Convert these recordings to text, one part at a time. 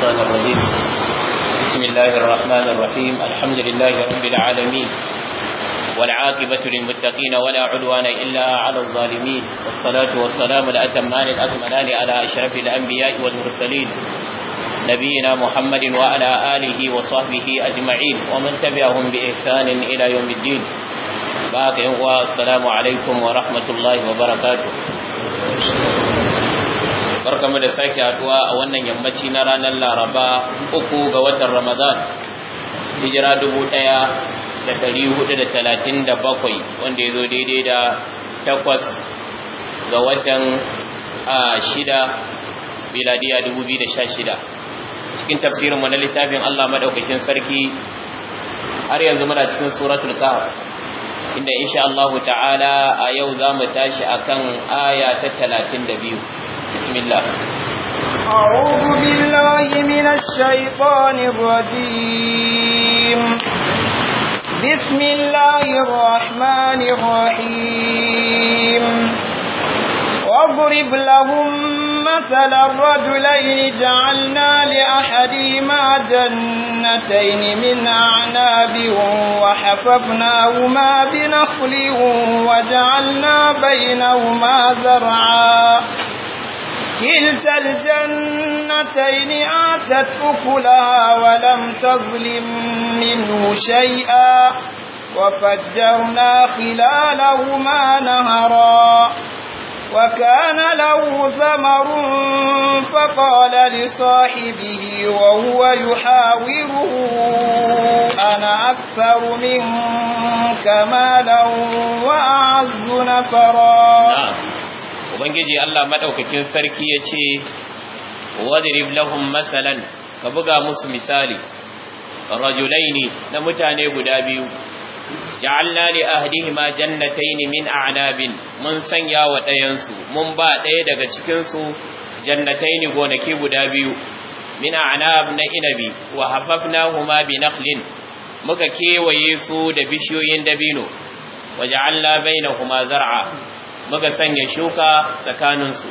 الشيطان الرجيم بسم الله الرحمن الرحيم الحمد لله رب العالمين والعاقبة للمتقين ولا عدوان إلا على الظالمين والصلاة والسلام الأتمان الأكملان على أشرف الأنبياء والمرسلين نبينا محمد وعلى آله وصحبه أجمعين ومن تبعهم بإحسان إلى يوم الدين باقي والسلام عليكم ورحمة الله وبركاته barkamu da sake haduwa a wannan yammaci na ranar laraba uku ga watan ramadan hijira dubu daya da dari hudu da talatin da bakwai wanda ya zo daidai da takwas ga watan shida biladiya dubu biyu da sha shida cikin tafsirinmu na littafin allah madaukakin sarki har yanzu muna cikin suratul kahf inda insha Allah ta'ala a yau za mu tashi akan aya ta biyu. بسم الله أعوذ بالله من الشيطان الرجيم بسم الله الرحمن الرحيم واضرب لهم مثل الرجلين جعلنا لأحدهما جنتين من أعناب وحففناهما بنخل وجعلنا بينهما زرعا كلتا الجنتين آتت أكلها ولم تظلم منه شيئا وفجرنا خلالهما نهرا وكان له ثمر فقال لصاحبه وهو يحاوره أنا أكثر منك مالا وأعز نفرا نعم. ubangiji Allah madaukakin sarki ya ce wadrib lahum masalan ka buga musu misali rajulaini na mutane guda biyu ja'alna li ahdihima jannatayn min a'nabin mun sanya wa ɗayan su mun ba ɗaya daga cikin su jannatayn gonaki guda biyu min a'nab na inabi wa hafafnahuma bi nakhlin muka kewaye su da bishiyoyin dabino wa ja'alna bainahuma zar'a muka sanya shuka tsakaninsu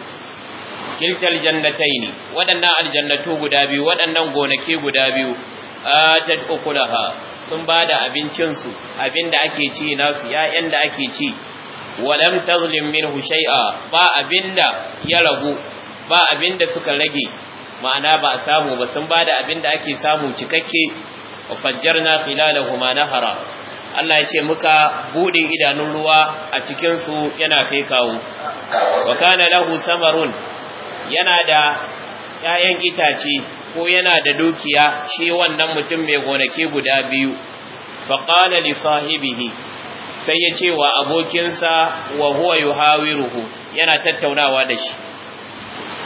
kiltal jannatai ne waɗannan aljannatu guda biyu waɗannan gonaki guda biyu a ukulaha sun bada da abincinsu abin da ake ci nasu ‘ya'yan da ake ci walam tazlim minhu shay'a ba abinda ya ragu ba abinda suka rage ma'ana ba a samu ba sun ba da abinda ake samu cikakke wa fajjarna khilalahuma nahara Allah ya ce muka buɗe idanun ruwa a cikinsu yana fekawo wa kana lahu samarun yana da ‘ya'yan itace ko yana da dukiya shi wannan mutum mai gonaki guda biyu faƙala li sahibihi sai ya ce wa abokinsa wa huwa yuhawiruhu yana tattaunawa da shi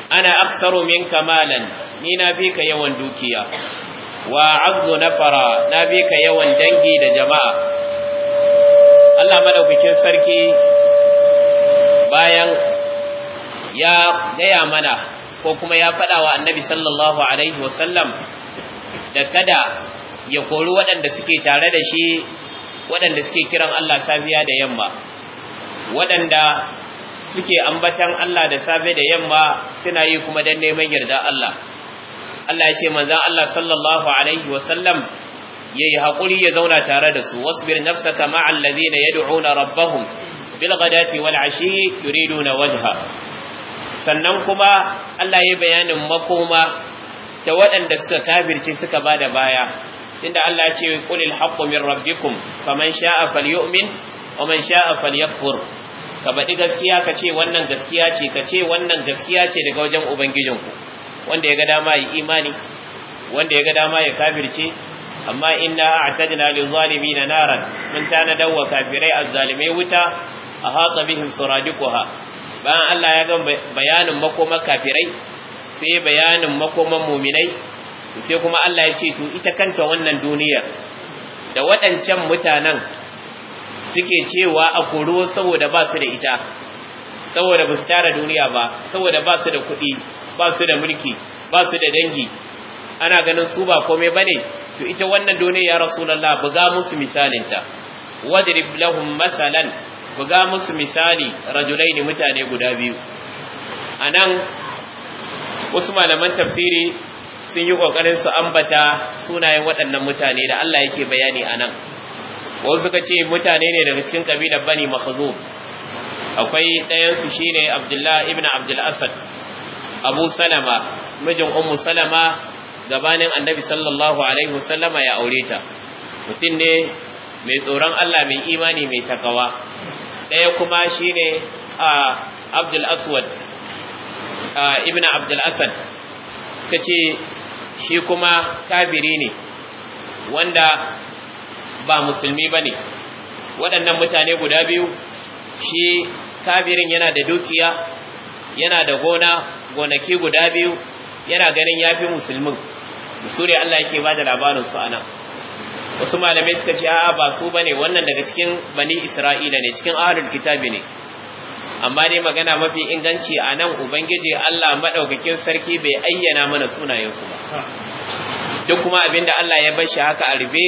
ana aksaru min kamalan ni na fi ka yawan dukiya wa abdu nafara na bi ka yawan dangi da jama'a Allah madaukakin sarki bayan ya gaya mana ko kuma ya faɗa wa annabi sallallahu alaihi wasallam da kada ya kori waɗanda suke tare da shi waɗanda suke kiran Allah safiya da yamma waɗanda suke ambatan Allah da safe da yamma suna yi kuma don neman yarda Allah Allah ya ce manzan Allah sallallahu alaihi wasallam ya yi haƙuri ya zauna tare da su wasbir nafsaka ma'al ladina na rabbahum bil ghadati wal ashi yuriduna wajha sannan kuma Allah ya bayanin makoma da waɗanda suka kafirce suka ba da baya inda Allah ya ce qulil haqqu min rabbikum faman sha'a falyu'min wa man sha'a falyakfur ka baɗi gaskiya ka ce wannan gaskiya ce ka ce wannan gaskiya ce daga wajen ubangijinku wanda ya ga dama ya imani wanda ya ga dama ya kafirce amma inna a'tadna lil zalimin naran mun tanadar wa kafirai azzalimai wuta a ahata bihim suradiquha bayan Allah ya ga bayanin makoman kafirai sai bayanin makoman mu'minai sai kuma Allah ya ce to ita kanta wannan duniyar da waɗancan mutanen suke cewa a koro saboda ba su da ita saboda ba su duniya ba saboda ba su da kuɗi ba su da mulki ba su da dangi ana ganin su ba komai bane to ita wannan duniya ya rasulullahi buga musu misalin ta wadrib lahum masalan buga musu misali rajulaini mutane guda biyu anan wasu malaman tafsiri sun yi kokarin su ambata sunayen waɗannan mutane da Allah yake bayani anan wasu suka ce mutane ne daga cikin kabilar bani makhzum akwai ɗayansu shine abdullah ibn abdul asad abu salama mijin ummu salama gabanin annabi sallallahu alaihi wasallama ya aure ta mutum ne mai tsoron Allah mai imani mai takawa ɗaya kuma shine a abdul aswad ibn abdul asad suka ce shi kuma kafiri ne wanda ba musulmi ba ne waɗannan mutane guda biyu shi kafirin yana da dukiya yana da gona gonaki guda biyu yana ganin ya fi musulmin su Allah yake ba da labarin su anan wasu malamai suka ce a'a ba su bane wannan daga cikin bani Isra'ila ne cikin ahlul kitabi ne amma dai magana mafi inganci a nan ubangiji Allah maɗaukakin sarki bai ayyana mana sunayensu ba duk kuma abinda Allah ya bar shi haka a rube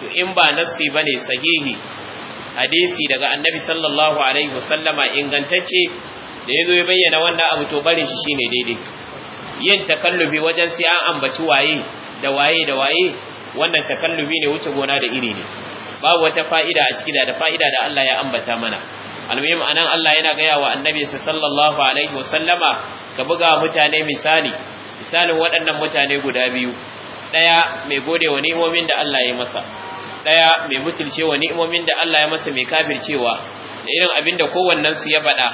to in ba nassi bane sahihi hadisi daga annabi sallallahu alaihi wasallama ingantacce da ya zo ya bayyana wannan abu to barin shi shine daidai yin takallubi wajen sai an ambaci waye da waye da waye wannan takallubi ne wuce gona da iri ne babu wata fa'ida a ciki da da fa'ida da Allah ya ambata mana almuhim anan Allah yana gaya wa annabi sallallahu alaihi wasallama ka buga mutane misali misalin waɗannan mutane guda biyu daya mai gode wa ni'imomin da Allah ya masa daya mai mutulce wa ni'imomin da Allah ya masa mai kafircewa da irin abin da kowannen su ya bada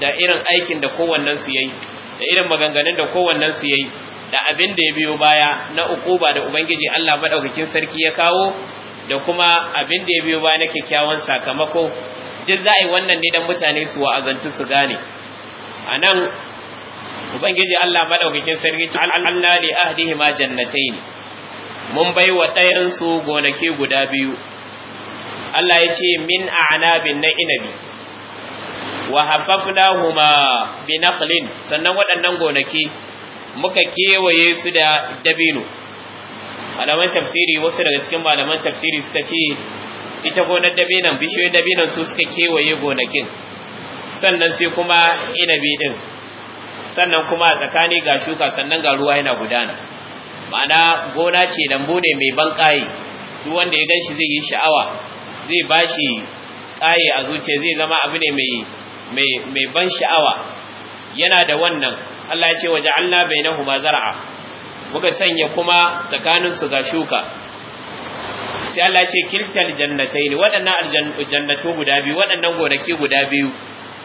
da irin aikin da kowannen su yayi da irin maganganun da kowannen su yayi da abin da ya biyo baya na ukuba da ubangiji Allah madaukakin sarki ya kawo da kuma abin da ya biyo baya na kyakkyawan sakamako duk za a yi wannan ne dan mutane su wa'azantu su gane anan nan ubangiji Allah madaukakin sarki ce Allah li ahdihi ma jannatayn mun bai wa ɗayan gonaki guda biyu Allah ya ce min a'nabin na inabi wa huma bi naqlin sannan waɗannan gonaki muka kewaye su da dabino malaman tafsiri wasu daga cikin malaman tafsiri suka ce ita gonar dabinan bishiyoyin dabinan su suka kewaye gonakin sannan sai kuma inabi din sannan kuma tsakanin tsakani ga shuka sannan ga ruwa yana gudana ma'ana gona ce lambu ne mai banƙaye duk wanda ya gan shi zai yi sha'awa zai ba shi kaye a zuciya zai zama abu ne mai ban sha'awa yana da wannan Allah ya ce waje Allah bai bainahuma zar'a muka sanya kuma tsakanin su ga shuka sai Allah ya ce kiltal ne. waɗannan aljannatu guda biyu waɗannan gonaki guda biyu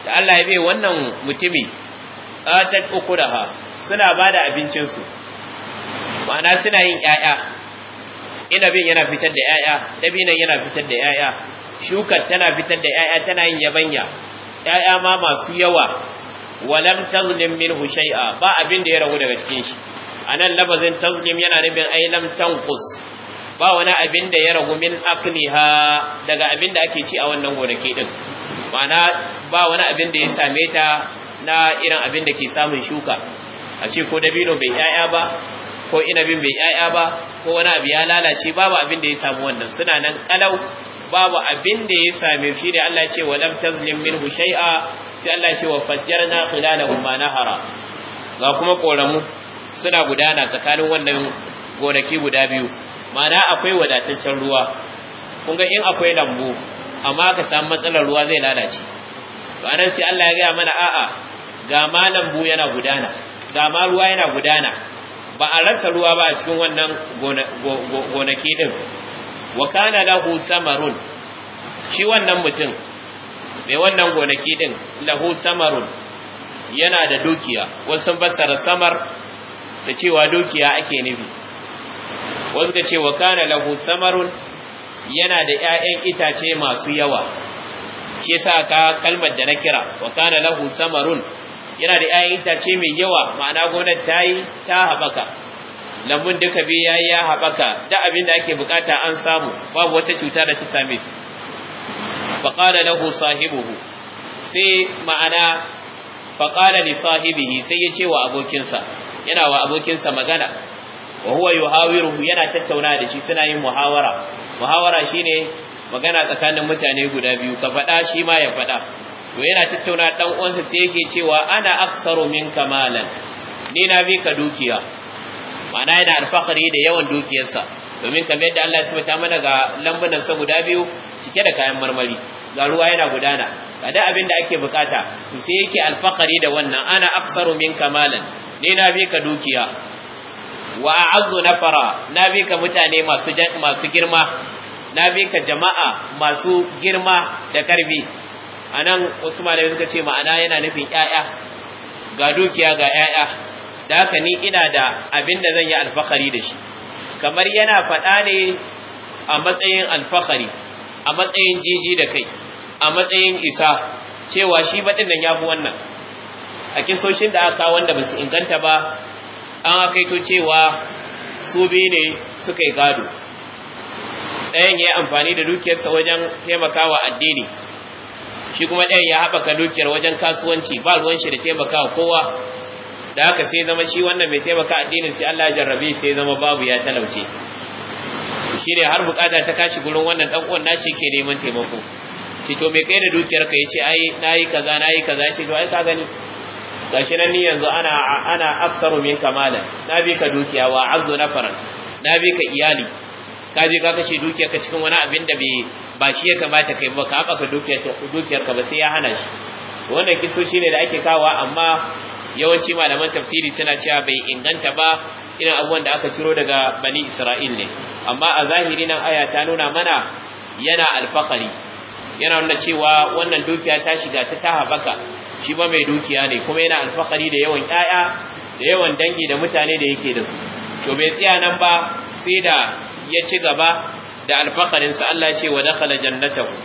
da Allah ya bai wannan mutumi da ukuraha suna ba da abincinsu. ma'ana suna yin ƴaƴa inabin yana fitar da ‘ya'ya dabinan yana fitar da ‘ya'ya shukar tana fitar da ‘ya'ya tana yin yabanya ‘ya'ya ma masu yawa walam tazlim minhu shay'a ba abin da ya ragu daga cikin shi anan labazin tazlim yana nufin ai lam tanqus ba wani abin da ya ragu min aqliha daga abin da ake ci a wannan gonaki din Mana ba wani abin da ya same ta na irin abin da ke samun shuka a ce ko dabino bai yaya ba ko inabin bai yaya ba ko wani abu ya lalace babu abin da ya samu wannan suna nan kalau babu abin da ya same shi ne Allah ce wa lam tazlim minhu shay'a sai Allah ce wa fajjarna khilalahu ma nahara ga kuma koramu suna gudana tsakanin wannan gonaki guda biyu mana akwai wadataccen ruwa kun ga in akwai lambu amma ka samu matsalar ruwa zai lalace to anan sai Allah ya ga mana a'a ga malambu yana gudana ga ma ruwa yana gudana ba a rasa ruwa ba a cikin wannan gonaki din wa kana lahu samarun shi wannan mutum mai wannan gonaki din lahu samarun yana da dukiya wasu fassara samar da cewa dukiya ake nufi wasu ga ce kana lahu samarun yana da 'ya'yan itace masu yawa shi yasa ka kalmar da na kira wa kana lahu samarun yana da 'ya'yan itace mai yawa ma'ana gonar ta yi ta haɓaka lambun duka biyu ya yi ya haɓaka da abin da ake bukata an samu babu wata cuta da ta same shi faƙala lahu sahibuhu sai ma'ana faƙala li sahibihi sai ya ce wa abokinsa yana wa abokinsa magana wa huwa yana tattauna da shi suna yin muhawara muhawara shine magana tsakanin mutane guda biyu ka faɗa shi ma ya faɗa to yana tattauna dan uwansa sai yake cewa ana aksaru min kamalan ni na bi ka dukiya ma'ana yana alfahari da yawan dukiyarsa domin kamar yadda Allah ya sabata mana ga lambunan sa guda biyu cike da kayan marmari ga ruwa yana gudana ga da abin da ake bukata to sai yake alfahari da wannan ana aksaru min kamalan ni na bi ka dukiya wa a'azzu nafara na bi ka mutane masu masu girma na bi ka jama'a masu girma da karbi anan wasu malamai suka ce ma'ana yana nufin ƴaƴa ga dukiya ga ƴaƴa da haka ni ina da abin da zan yi alfahari da shi kamar yana faɗa ne a matsayin alfahari a matsayin jiji da kai a matsayin isa cewa shi baɗin nan ya fi wannan a kisoshin da aka wanda ba su inganta ba an akaito cewa su biyu ne suka yi gado ɗayan ya yi amfani da dukiyarsa wajen taimakawa addini shi kuma ɗayan ya haɓaka dukiyar wajen kasuwanci ba ruwan shi da taimaka kowa da haka sai zama shi wannan mai taimaka addinin sai Allah ya jarrabe sai zama babu ya talauce shi ne har bukata ta kashi gurin wannan dan uwan nashi ke neman taimako shi to me kai da dukiyar ka yace ai nayi kaza nayi kaza ce to ai ka gani gashi nan ni yanzu ana ana aksaru min kamala na bi ka dukiya wa abdu nafaran na bi ka iyali ka je ka kashe dukiyarka cikin wani abin da ba shi ya kamata kai ba ka haɓaka dukiyarka ba sai ya hana shi wannan kisoshi ne da ake kawa amma yawanci malaman tafsiri suna cewa bai inganta ba irin abubuwan da aka ciro daga bani isra'il ne amma a zahiri nan aya ta nuna mana yana alfakari yana nuna cewa wannan dukiya ta shiga ta ta haɓaka shi ba mai dukiya ne kuma yana alfakari da yawan 'ya'ya da yawan dangi da mutane da yake da su to bai tsaya nan ba sai da ya ci gaba da alfakarinsa Allah ce wa dakhala jannatahu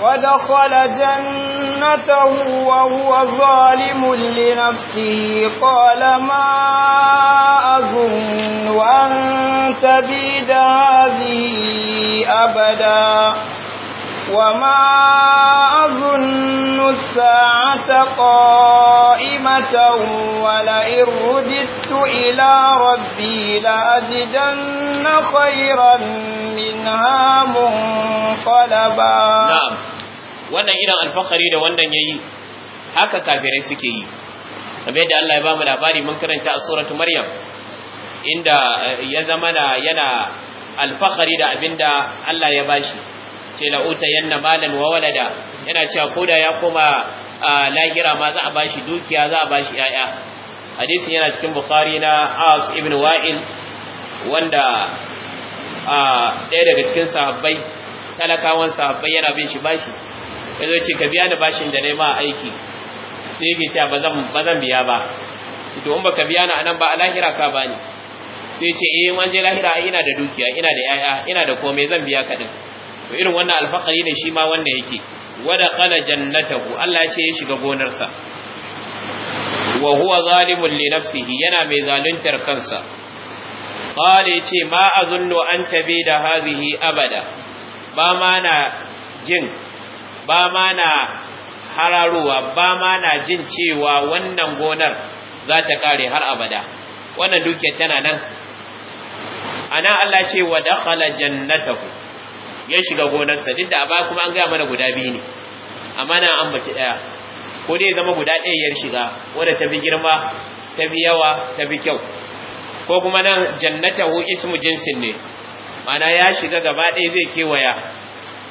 wa dakhala jannatahu wa huwa zalimun li nafsihi qala ma azun wa anta bi hadhihi abada وما أظن الساعة قائمة ولئن رددت إلى ربي لأجدن خيرا منها منقلبا نعم wannan irin alfakari da wannan yayi haka kafirai suke yi kamar yadda Allah ya bamu labari mun karanta a suratu Maryam inda eh, ya zama yana alfakari da abinda Allah ya bashi ce la yanna malan wa walada yana cewa koda ya koma lahira ma za a bashi dukiya za a bashi yaya hadisi yana cikin bukhari na as ibn wa'il wanda ɗaya daga cikin sahabbai talakawan sahabbai yana bin shi bashi ya zo ce ka biya ni bashin da nema aiki sai yake cewa ba zan biya ba to in baka biya ni anan ba a lahira ka bani sai ce eh wanje lahira ina da dukiya ina da yaya ina da komai zan biya ka din to irin wannan alfakari ne shi ma wanda yake wada qala jannatahu Allah ya ce ya shiga gonarsa wa huwa zalimun li nafsihi yana mai zaluntar kansa qala yace ma azullu an tabida hadhihi abada ba ma na jin ba ma na hararuwa ba ma na jin cewa wannan gonar za ta kare har abada wannan dukiyar tana nan ana Allah ce wa dakhala jannatahu ya shiga gonarsa duk da ba kuma an gaya mana guda biyu ne amma na an baci daya ko dai zama guda ɗaya yar shiga wadda ta fi girma ta fi yawa ta fi kyau ko kuma nan hu ismu jinsin ne mana ya shiga gaba ɗaya zai kewaya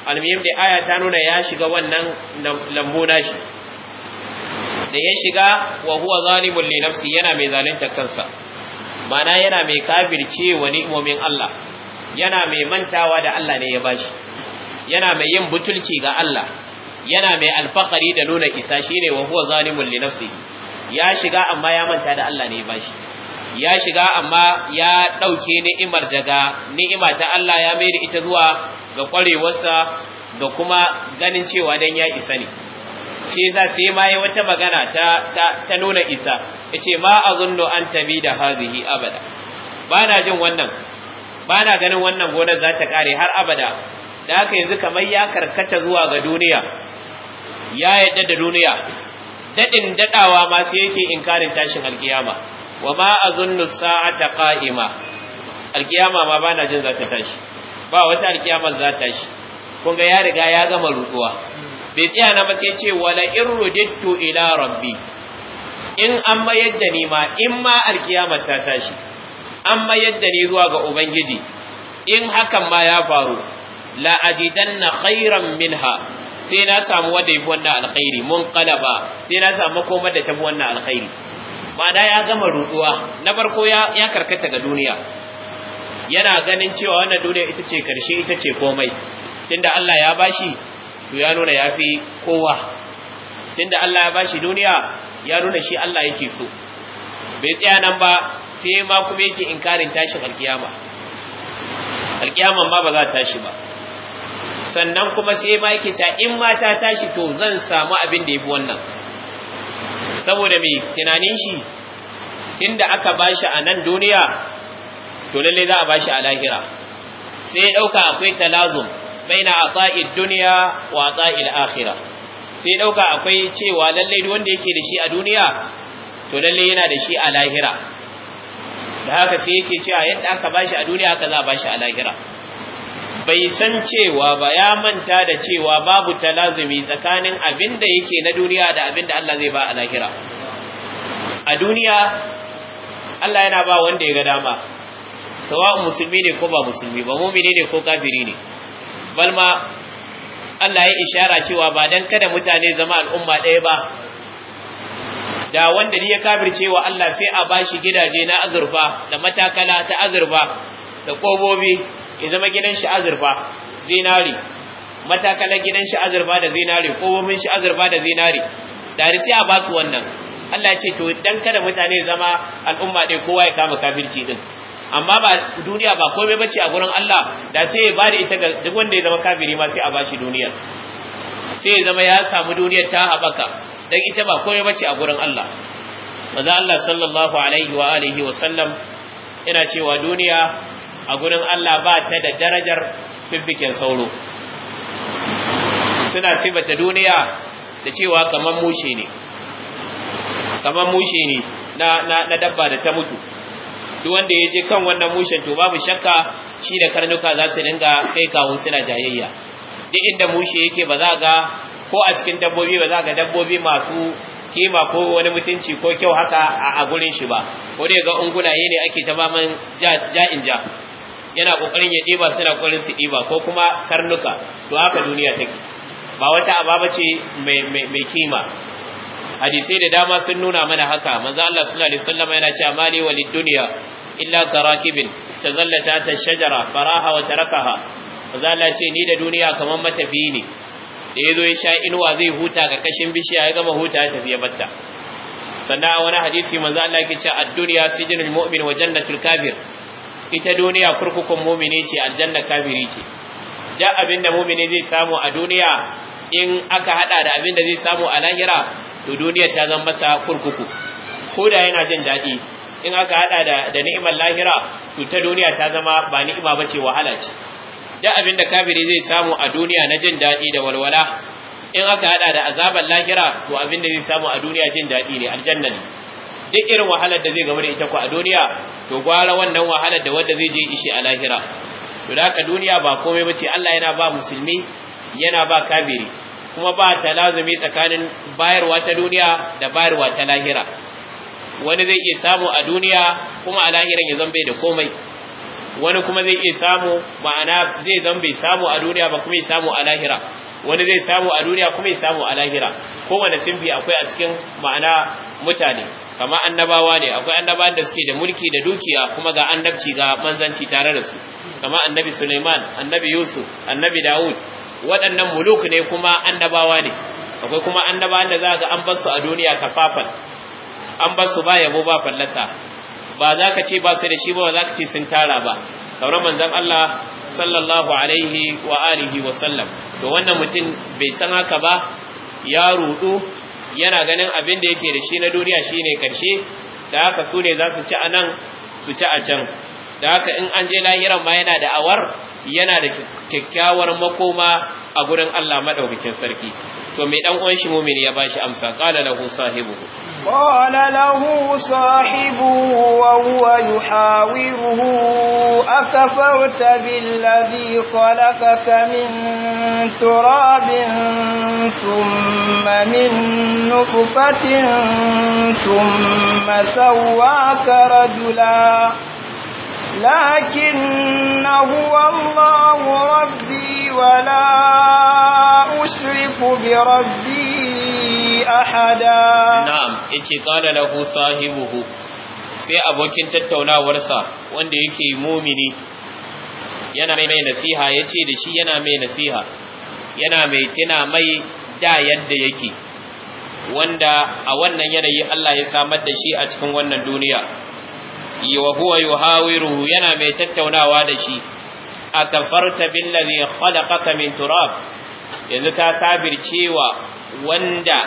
almiyim da aya ta nuna ya shiga wannan lambu nashi da ya shiga wa huwa zalimun li nafsi yana mai zalunta kansa mana yana mai kafirce wani mu'min Allah yana mai mantawa da Allah ne ya bashi yana mai yin butulci ga Allah yana mai alfahari da nuna isa shine wa huwa zalimun li nafsihi ya shiga amma ya manta da Allah ne ya bashi ya shiga amma ya dauke ni'imar daga ni'ima ta Allah ya mai da ita zuwa ga kwarewarsa da kuma ganin cewa dan ya isa ne shi yasa sai ma yi wata magana ta nuna isa yace ma azunnu an tabi da hazihi abada ba na jin wannan ba na ganin wannan gonar za ta kare har abada da haka yanzu kamar ya karkata zuwa ga duniya ya yadda da duniya daɗin daɗawa ma sai yake inkarin tashin alkiyama wa ma azunnu sa'ata qa'ima alkiyama ma ba na jin za ta tashi ba wata alkiyama za ta tashi kun ga ya riga ya gama rutuwa bai tsaya na ba sai ce wala irudittu ila rabbi in an mayar da ni ma in ma alkiyama ta tashi an mayar da ni zuwa ga ubangiji in hakan ma ya faru la ajidanna khairan minha sai na samu wanda yafi wannan alkhairi mun qalaba sai na samu koma da tafi wannan alkhairi ma'ana ya gama ruduwa na farko ya ya karkata ga duniya yana ganin cewa wannan duniya ita ce karshe ita ce komai tunda Allah ya bashi to ya nuna yafi kowa tunda Allah ya bashi duniya ya nuna shi Allah yake so bai tsaya nan ba sai ma kuma yake inkarin tashin alkiyama alkiyaman ma ba za ta tashi ba sannan kuma sai ma yake cewa in ma ta tashi to zan samu abin da ya fi wannan saboda mai tunanin shi tunda aka ba shi a nan duniya to lalle za a bashi a lahira sai ɗauka dauka akwai talazum baina ata'id dunya wa ata'il akhirah sai ɗauka akwai cewa lalle duk wanda yake da shi a duniya to lalle yana da shi a lahira da haka sai yake cewa yadda aka bashi a duniya aka za a bashi a lahira bai san cewa ba ya manta da cewa babu talazumi tsakanin abin da yake na duniya da abin da Allah zai ba a lahira a duniya Allah yana ba wanda ya ga dama sawa musulmi ne ko ba musulmi ba mumini ne ko kafiri ne balma Allah ya ishara cewa ba dan kada mutane zama al'umma ɗaya ba da wanda ni ya kafirce wa Allah sai a bashi gidaje na azurfa da matakala ta azurfa da kobobi ya zama gidan shi azurfa zinari matakala gidan shi azurfa da zinari kobobin shi azurfa da zinari dare sai a basu wannan Allah ce to dan kada mutane zama al'umma ɗaya kowa ya kama kafirci din amma ba duniya ba komai bace a gurin Allah da sai ya bada ita ga duk wanda ya zama kafiri ma sai a bashi duniya sai ya zama ya samu duniya ta haɓaka. dan ita ba komai bace a gurin Allah manzo Allah sallallahu alaihi wa alihi wa sallam yana cewa duniya a gurin Allah ba ta da darajar bibbikin sauro suna sibata duniya da cewa kaman mushe ne kaman mushe ne na na, dabba da ta mutu duk wanda ya je kan wannan mushen to babu shakka shi da karnuka za su dinga kai kawo suna jayayya duk inda mushe yake ba za ga ko a cikin dabbobi ba za ga dabbobi masu kima ko wani mutunci ko kyau haka a gurin shi ba ko dai ga ungulaye ne ake ta maman ja'in ja yana kokarin ya diba suna kokarin su diba ko kuma karnuka to haka duniya take ba wata ababa ce mai kima hadisai da dama sun nuna mana haka manzo Allah sallallahu alaihi wasallam yana cewa mali walid dunya illa tarakibin istazallata ta shajara faraha wa tarakaha manzo Allah ce ni da duniya mata matafi ne da ya zo ya sha inuwa zai huta ga kashin bishiya ya gama huta ya tafi ya batta sannan wani hadisi manzo Allah yake cewa ad-dunya sijnul mu'min wa jannatul kafir ita duniya kurkukun mu'mini ce aljanna kafiri ce da abinda da mu'mini zai samu a duniya in aka hada da abinda zai samu a lahira to duniya ta zama masa kurkuku ko da yana jin daɗi in aka hada da da ni'imar lahira to ta duniya ta zama ba ni'ima bace wahala ce duk abin da kafiri zai samu a duniya na jin daɗi da walwala in aka hada da azabar lahira to abin da zai samu a duniya jin daɗi ne aljanna ne duk irin wahalar da zai game da ita ko a duniya to gwara wannan wahalar da wanda zai je ishi a lahira to da haka duniya ba komai bace Allah yana ba musulmi yana ba kafiri kuma ba talazumi tsakanin bayarwa ta duniya da bayarwa ta lahira wani zai iya samu a duniya kuma a lahiran ya zambe da komai wani kuma zai iya samu ma'ana zai zan bai samu a duniya ba kuma ya samu a lahira wani zai samu a duniya kuma ya samu a lahira kowane simbi akwai a cikin ma'ana mutane kama annabawa ne akwai annabawa da suke da mulki da dukiya kuma ga annabci ga manzanci tare da su kama annabi Suleiman annabi Yusuf annabi Dawud waɗannan muluk ne kuma annabawa ne akwai kuma annabawan da za ga an bar su a duniya kafafan an bar su ba yabo ba fallasa ba za ka ce ba su da shi ba za ka ce sun tara ba kamar manzon Allah sallallahu alaihi wa alihi wa sallam to wannan mutum bai san haka ba ya rudu yana ganin abin da yake da shi na duniya shine karshe da haka su ne za su ci anan su ci a can da haka in an je lahiran ma yana da awar yana da kyakkyawar makoma a gurin Allah madaukakin sarki to mai dan uwan shi mumin ya bashi amsa qala lahu sahibuhu qala lahu sahibuhu wa huwa yuhawiruhu akafarta billadhi khalaqaka min turabin thumma min nutfatin thumma sawwaka rajula لكن هو الله ربي ولا أشرف بربي أحدا نعم اتقال له صاحبه sai abokin tattaunawarsa wanda yake mumini yana mai nasiha ya ce da shi yana mai nasiha yana mai tuna mai da yadda yake wanda a wannan yanayi Allah ya samar da shi a cikin wannan duniya wa huwa yuhawiru yana mai tattaunawa da shi akafarta billazi khalaqaka min turab yanzu ka kabircewa wanda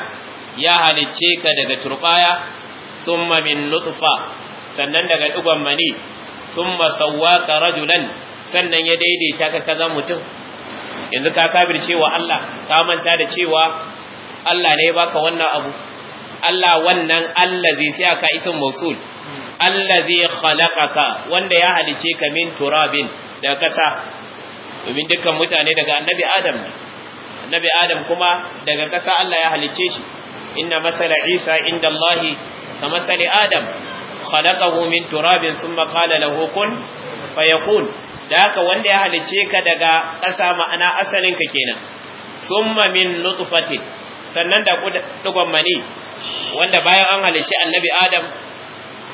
ya halicce ka daga turbaya thumma min nutfa sannan daga dugon mani thumma sawwaka rajulan sannan ya daidaita ka kaza mutum yanzu ka kabircewa Allah ka manta da cewa Allah ne ya baka wannan abu Allah wannan allazi sai aka isin mausul allazi khalaqaka wanda ya halice ka min turabin daga kasa domin dukkan mutane daga annabi adam ne annabi adam kuma daga kasa Allah ya halice shi inna masala isa inda Allah ka masali adam khalaqahu min turabin thumma qala lahu kun fayakun da haka wanda ya halice ka daga kasa ma'ana asalin ka kenan thumma min nutfatin sannan da kudagon mani wanda bayan an halice annabi adam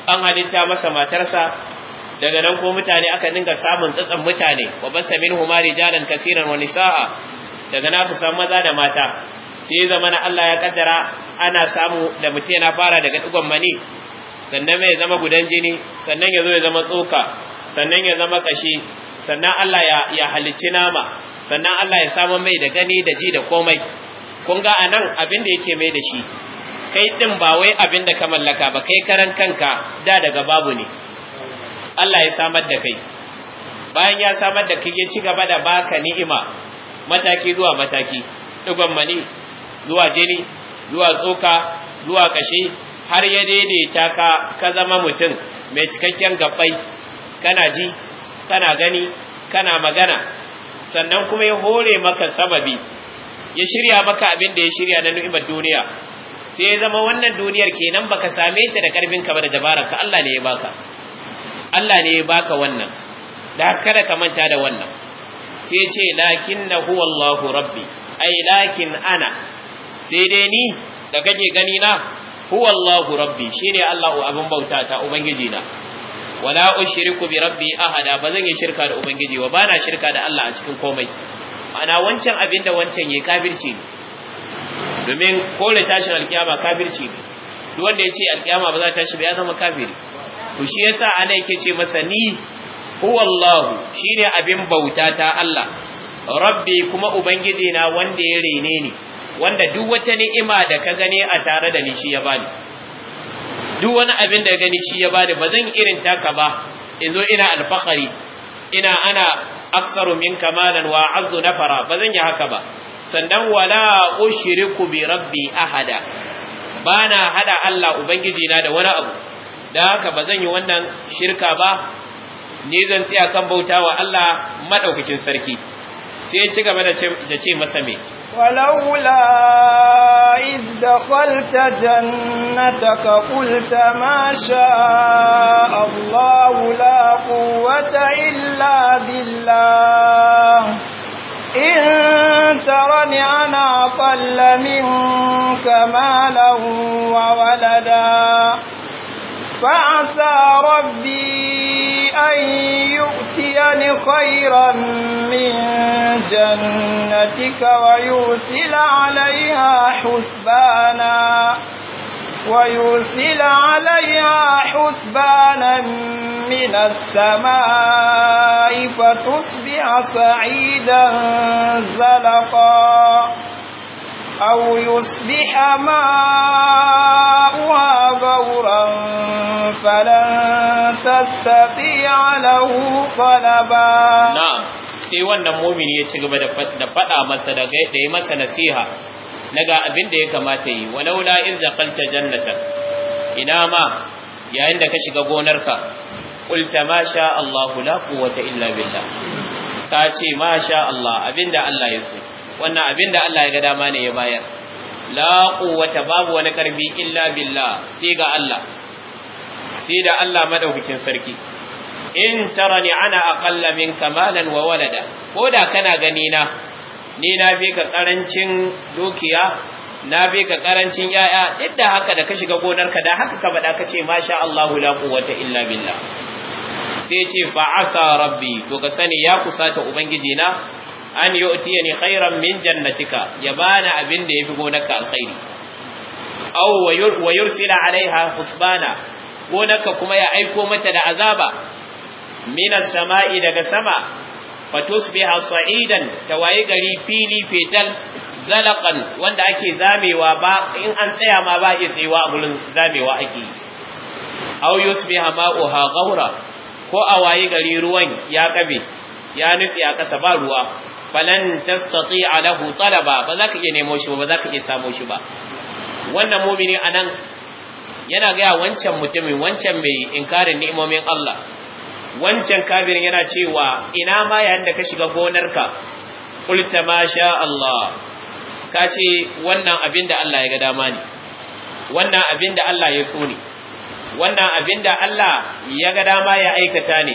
an halitta masa matarsa daga nan ko mutane aka dinga samun tsatsan mutane wa samin huma rijalan kasiran, wa nisaa daga na ku samu maza da mata sai na Allah ya kaddara ana samu da mutum yana fara daga dugon mani sannan mai zama gudan jini sannan ya zo ya zama tsoka sannan ya zama kashi sannan Allah ya ya halicci nama sannan Allah ya samu mai da gani da ji da komai kun ga anan abin da yake mai da shi kai din ba wai abin da ka mallaka ba kai karan kanka da daga babu ne Allah ya samar da kai bayan ya samar da kai ya ci gaba da baka ni'ima mataki zuwa mataki digon mani zuwa jini zuwa tsoka zuwa kashi har ya daidaita ka ka zama mutum mai cikakken gabbai kana ji kana gani kana magana sannan kuma ya hore maka sababi ya shirya maka abin da ya shirya na ni'imar duniya sai ya zama wannan duniyar kenan baka same ta da karfin ka ba da dabara ka Allah ne ya baka Allah ne ya baka wannan da kada ka manta da wannan sai ya ce lakinnahu wallahu rabbi ai lakin ana sai dai ni da kake gani na huwa Allahu rabbi shine Allah abin bauta ta ubangiji na wala ushriku bi rabbi ahada bazan yi shirka da ubangiji ba bana shirka da Allah a cikin komai ana wancan abin da wancan yayi kafirci ne domin kore tashin alkiyama kafirci ne duk wanda ya ce alkiyama ba za ta tashi ba ya zama kafiri to shi yasa ana yake ce masa ni huwallahu shine abin bauta ta Allah rabbi kuma ubangiji na wanda ya rene ni wanda duk wata ni'ima da ka gani a tare da ni shi ya bani duk wani abin da gani shi ya bani ba zan irin taka ba in zo ina alfahari ina ana aksaru min kamalan wa azzu nafara ba zan yi haka ba sannan wala ushriku bi rabbi ahada bana hada Allah ubangiji na da wani abu dan haka bazan yi wannan shirka ba ni zan tsaya kan bautawa Allah madaukakin sarki sai ci gaba da ce masa me walaula إذ دخلت جنتك qulta ma sha Allah la quwwata illa billah إن ترني نعم أنا أقل منك مالا وولدا فعسى ربي أن يؤتيني خيرا من جنتك ويرسل عليها حسبانا ويرسل عليها حسبانا من السماء فتصبح صعيدا زلقا أو يصبح ماؤها غورا فلن تستطيع له طلبا نعم sai wannan mumini ya ci gaba da faɗa masa da ya masa nasiha ga abin da ya kamata yi walaula in zaqalta jannatan ina ma yayin da ka shiga gonarka qulta ma sha Allahu la quwwata illa billah ka ce ma sha Allah da Allah ya so wannan da Allah ya ga dama ne ya bayar la quwwata babu wani karfi illa billah sai ga Allah sai da Allah madaukakin sarki in tarani ana aqalla minka malan wa walada ko da kana gani na ni na fi ka karancin dukiya na fi ka karancin yaya duk da haka da ka shiga gonarka da haka ka bada ka ce masha Allahu la quwwata illa billah sai ce fa asa rabbi to ka sani ya kusata ubangiji na an yu'tiyani khairan min jannatika ya bana abin da yafi gonarka alkhairi aw wa yursila alaiha husbana gonarka kuma ya aiko mata da azaba minas sama'i daga sama fatusbiha sa'idan tawaye gari fili fetal zalaqan wanda ake zamewa ba in an tsaya ma ba iya tsayawa a gurin zamewa ake yi aw yusbiha ma'uha ghaura ko a waye gari ruwan ya kabe ya nutse a kasa ba ruwa falan tastati'a lahu talaba ba za ka iya nemo shi ba ba za ka iya samo shi ba wannan mumini anan yana ga wancan mutumin wancan mai inkarin ni'imomin Allah wancan kafirin yana cewa ina ma yayin da ka shiga gonarka qulta ma sha Allah ka ce wannan abin da Allah ya ga dama ne wannan abin da Allah ya so ne wannan abin da Allah ya ga dama ya aikata ne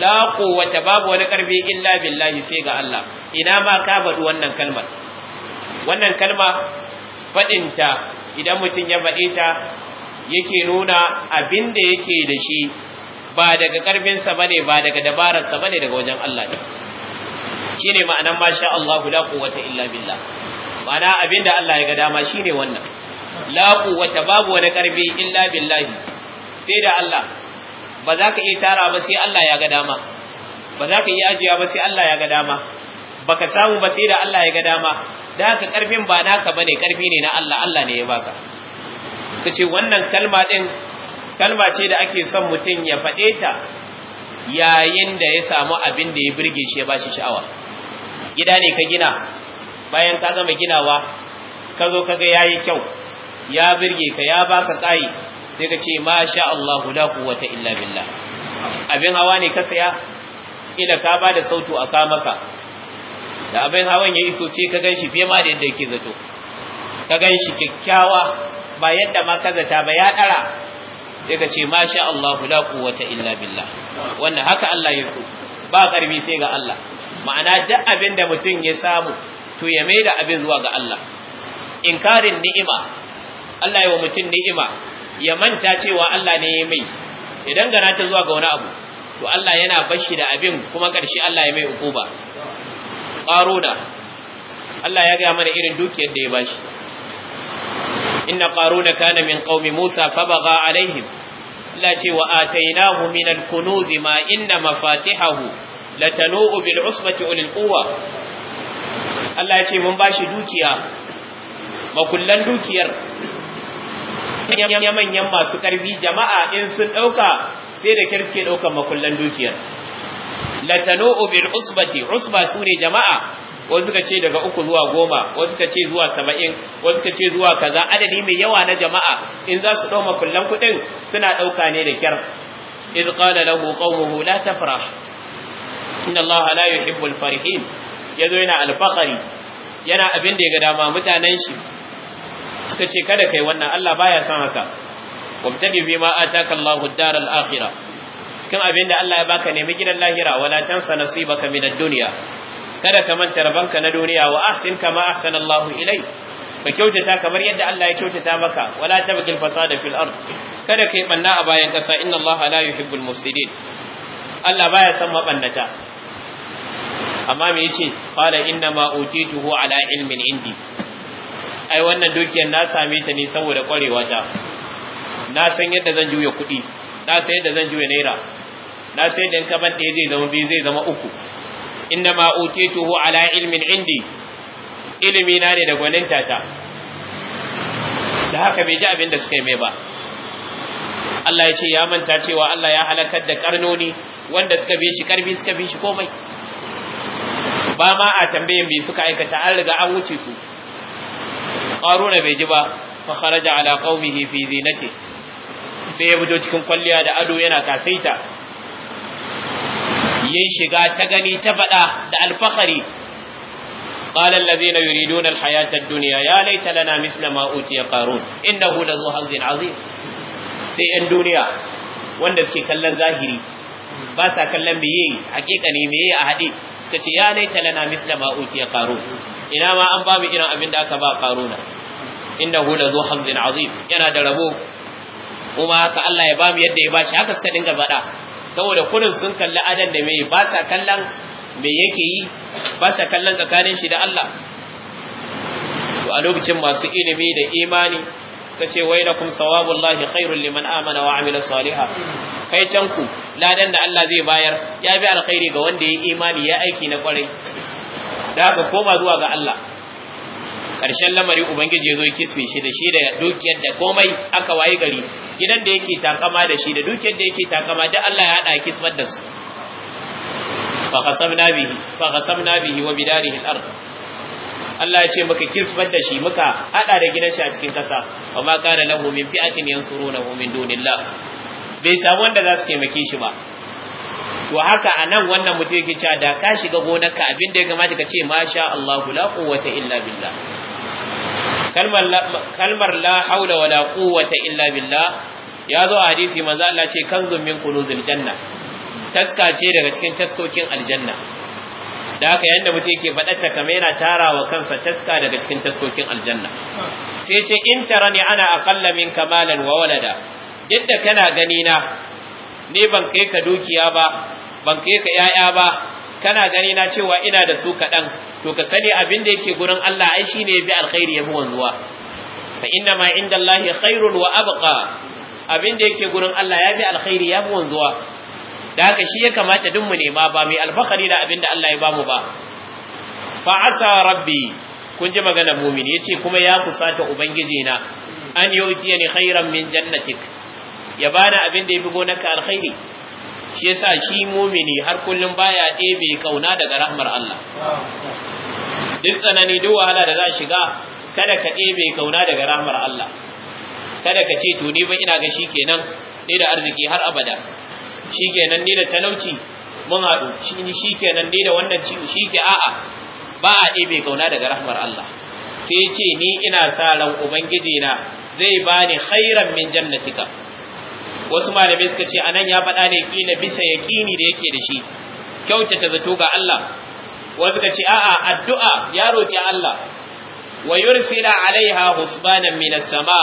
la quwwata babu wani karfi illa billahi sai ga Allah ina ma ka faɗi wannan kalmar wannan kalma faɗinta idan mutum ya faɗe ta yake nuna abin da yake da shi ba daga karfinsa bane ba daga dabararsa bane daga wajen Allah ne shine ma'anan masha Allah la quwwata illa billah ma'ana abinda Allah ya ga dama shine wannan la quwwata babu wani karfi illa billah sai da Allah ba za ka iya tara ba sai Allah ya ga dama ba za ka iya ajiya ba sai Allah ya ga dama ba ka samu ba sai da Allah ya ga dama da haka karfin ba naka bane karfi ne na Allah Allah ne ya baka kace wannan kalma din kalma ce da ake son mutum ya faɗe ta yayin da ya samu abin da ya birge shi ya bashi sha'awa gida ne ka gina bayan ka gama ginawa ka zo ka ga yi kyau ya birge ka ya baka tsayi sai ka ce ma sha Allah la quwwata illa billah abin hawa ne ka saya ina ka ba da sautu a ka da abin hawan ya iso sai ka ganshi fiye ma da yadda yake zato ka ganshi kyakkyawa ba yadda ma ka zata ba ya ɗara? sai ka ce masha Allahu la quwwata illa billah wannan haka Allah ya so ba karbi sai ga Allah ma'ana duk abin da mutum ya samu to ya mai da abin zuwa ga Allah inkarin ni'ima Allah ya wa mutum ni'ima ya manta cewa Allah ne ya mai idan gana ta zuwa ga wani abu to Allah yana bashi da abin kuma karshe Allah ya mai ukuba qaruna Allah ya ga mana irin dukiyar da ya bashi inna qaruna kana min qaumi musa fabagha alaihim Allah ce wa atainahu min al-kunuz ma inna mafatihahu latanu'u bil usbati ulil quwwa Allah ce mun bashi dukiya makullan dukiyar manyan masu karfi jama'a in sun dauka sai da kirske daukan makullan dukiyar latanu'u bil usbati usba sune jama'a wasu suka ce daga uku zuwa goma wasu suka ce zuwa saba'in wasu suka ce zuwa kaza adadi mai yawa na jama'a in za su ɗau makullan kuɗin suna ɗauka ne da kyar iz qala lahu qaumuhu la tafrah inna allaha la yuhibbul farihin yazo yana alfaqari yana abin da ya ga dama mutanen shi suka ce kada kai wannan Allah baya son haka wabtagi bima ataka Allahu ad-dar al-akhirah cikin abin da Allah ya baka nemi gidan lahira wala tansa nasibaka min ad-dunya kada ka manta rabanka na duniya wa ahsin kama ahsana Allah ilai ka kyautata kamar yadda Allah ya kyautata maka wala tabghil fasada fil ard kada kai banna a bayan kasa inna Allah la yuhibbul mufsidin Allah baya son mabannata amma me yace qala inna ma utituhu ala ilmin indi ai wannan dukiyar na same ta ne saboda kwarewa ta na san yadda zan juya kuɗi na san yadda zan juya naira na san yadda in ka ban ɗaya zai zama biyu zai zama uku inna ma utituhu ala ilmin indi ilimi na ne da gwaninta ta da haka bai ji abin da suka yi mai ba Allah ya ce ya manta cewa Allah ya halakar da karnoni wanda suka bi shi karbi suka bi shi komai ba ma a tambayin bi suka aikata an riga an wuce su qaruna bai ji ba fa kharaja ala qaumihi fi zinati sai ya fito cikin kwalliya da ado yana kasaita yayi shiga ta gani ta faɗa da alfahari قال الذين يريدون الحياة الدنيا يا ليت لنا مثل ما أوتي قارون إنه لذو حظ عظيم sai 'yan duniya wanda suke kallon zahiri ba sa kallon meye hakika ne meye a haɗe suka ya laita lana misla ma utiya ina ma an ba irin abin da aka ba qaruna innahu lazu hazin azim yana da rabo kuma haka Allah ya bamu yadda ya bashi haka suka dinga faɗa saboda kurin sun kalli adan da mai ba sa kallon yake yi ba sa kallon tsakanin shi da Allah to a lokacin masu ilimi da imani ta ce wai lakum sawabullahi kairin liman amana wa amila Saliha? kai can ku ladan da Allah zai bayar ya bi alkhairi ga wanda ya imani ya aiki na kwarai da haka koma zuwa ga Allah ƙarshen lamari ubangiji ya zo ya kisfe shi da shi da dukiyar da komai aka waye gari gidan da yake takama da shi da dukiyar da yake takama da Allah ya hada kisfar da su fa khasamna bihi fa khasamna bihi wa bidarihi al-ard Allah ya ce muka kisfar da shi muka hada da gidan shi a cikin kasa wa ma kana lahu min fi'atin yansurunahu min dunillah bai samu wanda za su taimake shi ba wa haka a nan wannan mutum yake cewa da ka shiga gonarka abin da ya kamata ka ce masha Allah la quwwata illa billah kalmar la haula wala quwwata illa billah ya zo a hadisi manzo Allah ce kanzun min kunuzil janna taska ce daga cikin taskokin aljanna da haka yanda mutum yake ta kamar yana tarawa kansa taska daga cikin taskokin aljanna sai ce in tarani ana aqalla min kamalan wa walada yadda kana gani na ne ban kai ka dukiya ba ban kai ka yaya ba kana gani na cewa ina da su kaɗan to ka sani abin da yake gurin Allah ai shine ya bi alkhairi ya fi wanzuwa fa inna ma inda Allah khairun wa abqa abin da yake gurin Allah ya bi alkhairi ya fi wanzuwa da haka shi ya kamata duk mu nema ba mai alfahari da abin da Allah ya bamu ba fa asa rabbi kun ji magana mumin yace kuma ya kusata ubangiji na an yutiyani khairan min jannatik ya bani abin da bi gonaka alkhairi shi yasa shi mumini har kullum baya ɗebe kauna daga rahmar Allah duk tsanani duk wahala da za shiga kada ka ɗebe kauna daga rahmar Allah kada ka ce to ni ba ina ga shi kenan ni da arziki har abada shi kenan ni da talauci mun haɗu shi kenan ni da wannan ciwo shi ke a'a ba a ɗebe kauna daga rahmar Allah sai ce ni ina sa ran ubangiji na zai bani khairan min jannatika wasu malamai suka ce anan ya faɗa ne kila bisa yakini da yake da shi kyautata zato ga Allah wasu ka ce a'a addu'a ya roki Allah wa yursila alaiha husbanan minas sama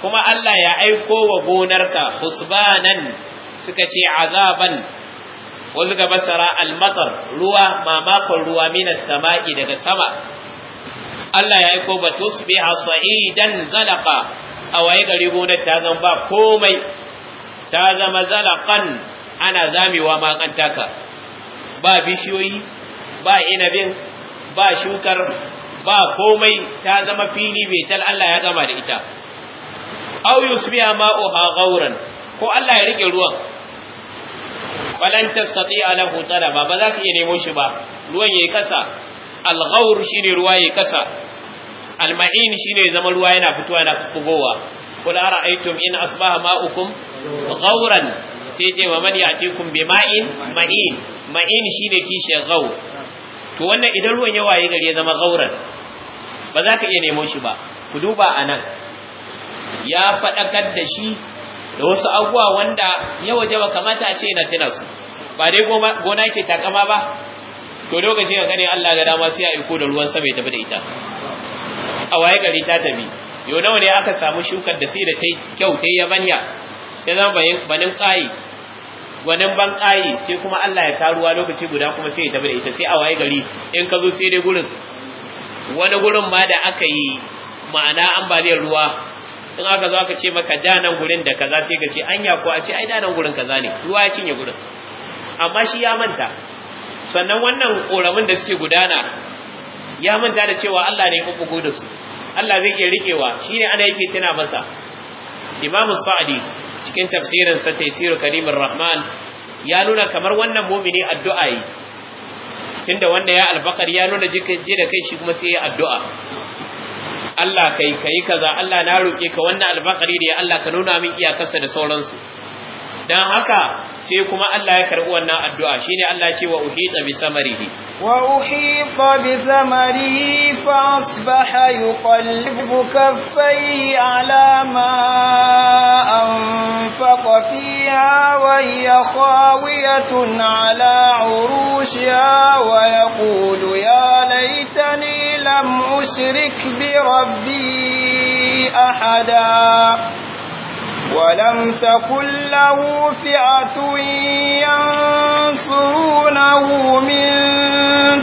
kuma Allah ya aiko wa gonarka husbanan suka ce azaban wasu ga basara almatar ruwa mamakon ruwa minas sama'i daga sama Allah ya aiko ba tusbiha sa'idan zalaqa a waye gari gonar ta zan ba komai ta zama zalaqan ana zamewa ma ba bishiyoyi ba inabin ba shukar ba komai ta zama fili mai tal Allah ya gama da ita aw yusbiha ma'uha gauran ko Allah ya rike ruwan sati ala lahu talaba ba za ka iya nemo shi ba ruwan yayi kasa al-ghawr shine ruwa yayi kasa al-ma'in shine zama ruwa yana fitowa yana fugowa kula ra'aytum in asbaha ma'ukum ghauran sai ce wa man ya'tikum bi ma'in ma'in ma'in shine kishin ra'u, to wannan idan ruwan ya waye gari ya zama ghauran ba za ka iya nemo shi ba ku duba anan ya fadakar da shi da wasu abubuwa wanda ya waje ba kamata a ce na tuna su ba dai gona ke takama ba to lokacin ka gane Allah ga dama sai ya aiko da ruwan sama ya tafi da ita a waye gari ta tafi yau nawa ne aka samu shukar da sai da ta kyau ta yabanya ya zama banin ƙayi gwanin ban ƙayi sai kuma Allah ya taruwa lokaci guda kuma sai ya tafi da ita sai a waye gari in ka zo sai dai gurin wani gurin ma da aka yi ma'ana ambaliyar ruwa in aka zo aka ce maka nan gurin da kaza sai ka ce anya ko a ce ai nan gurin kaza ne ruwa ya cinye gurin amma shi ya manta sannan wannan koramin da suke gudana ya manta da cewa Allah ne ya da su Allah zai iya riƙewa ne ana yake tana masa Imam Sa'adi cikin tafsirin sa Tafsirul Karimur Rahman ya nuna kamar wannan mu'mini addu'a yi tunda wanda ya albakar ya nuna jikin je da kai shi kuma sai ya addu'a Allah kai kai kaza Allah na roke ka wannan albakari da ya Allah ka nuna min iyakarsa da sauransu dan haka sai kuma Allah ya karbi wannan addu'a shine Allah ya ce wa uhita bi samarihi wa uhita bi samarihi fa asbaha yuqallibu kaffayhi ala ma anfaqa fiha wa hiya khawiyatun ala urushiha wa yaqulu ya laitani lam ushrik bi rabbi ahada ولم تكن له فئة ينصرونه من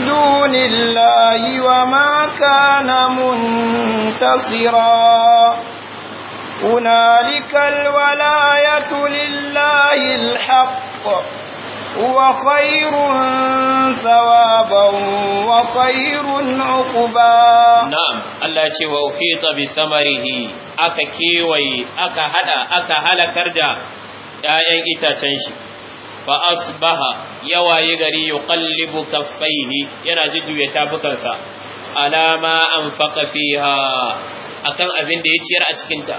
دون الله وما كان منتصرا هنالك الولاية لله الحق هو خير ثوابا وخير عقبا نعم الله يتي وأحيط بثمره أكا كيوي أكا هدا أكا هلا كرجا كردا آيان إتاتنشي فأصبح يواي يغري يقلب كفيه ينازد يتابكنسا على ما أنفق فيها أكن أبن دي يتير أتكنتا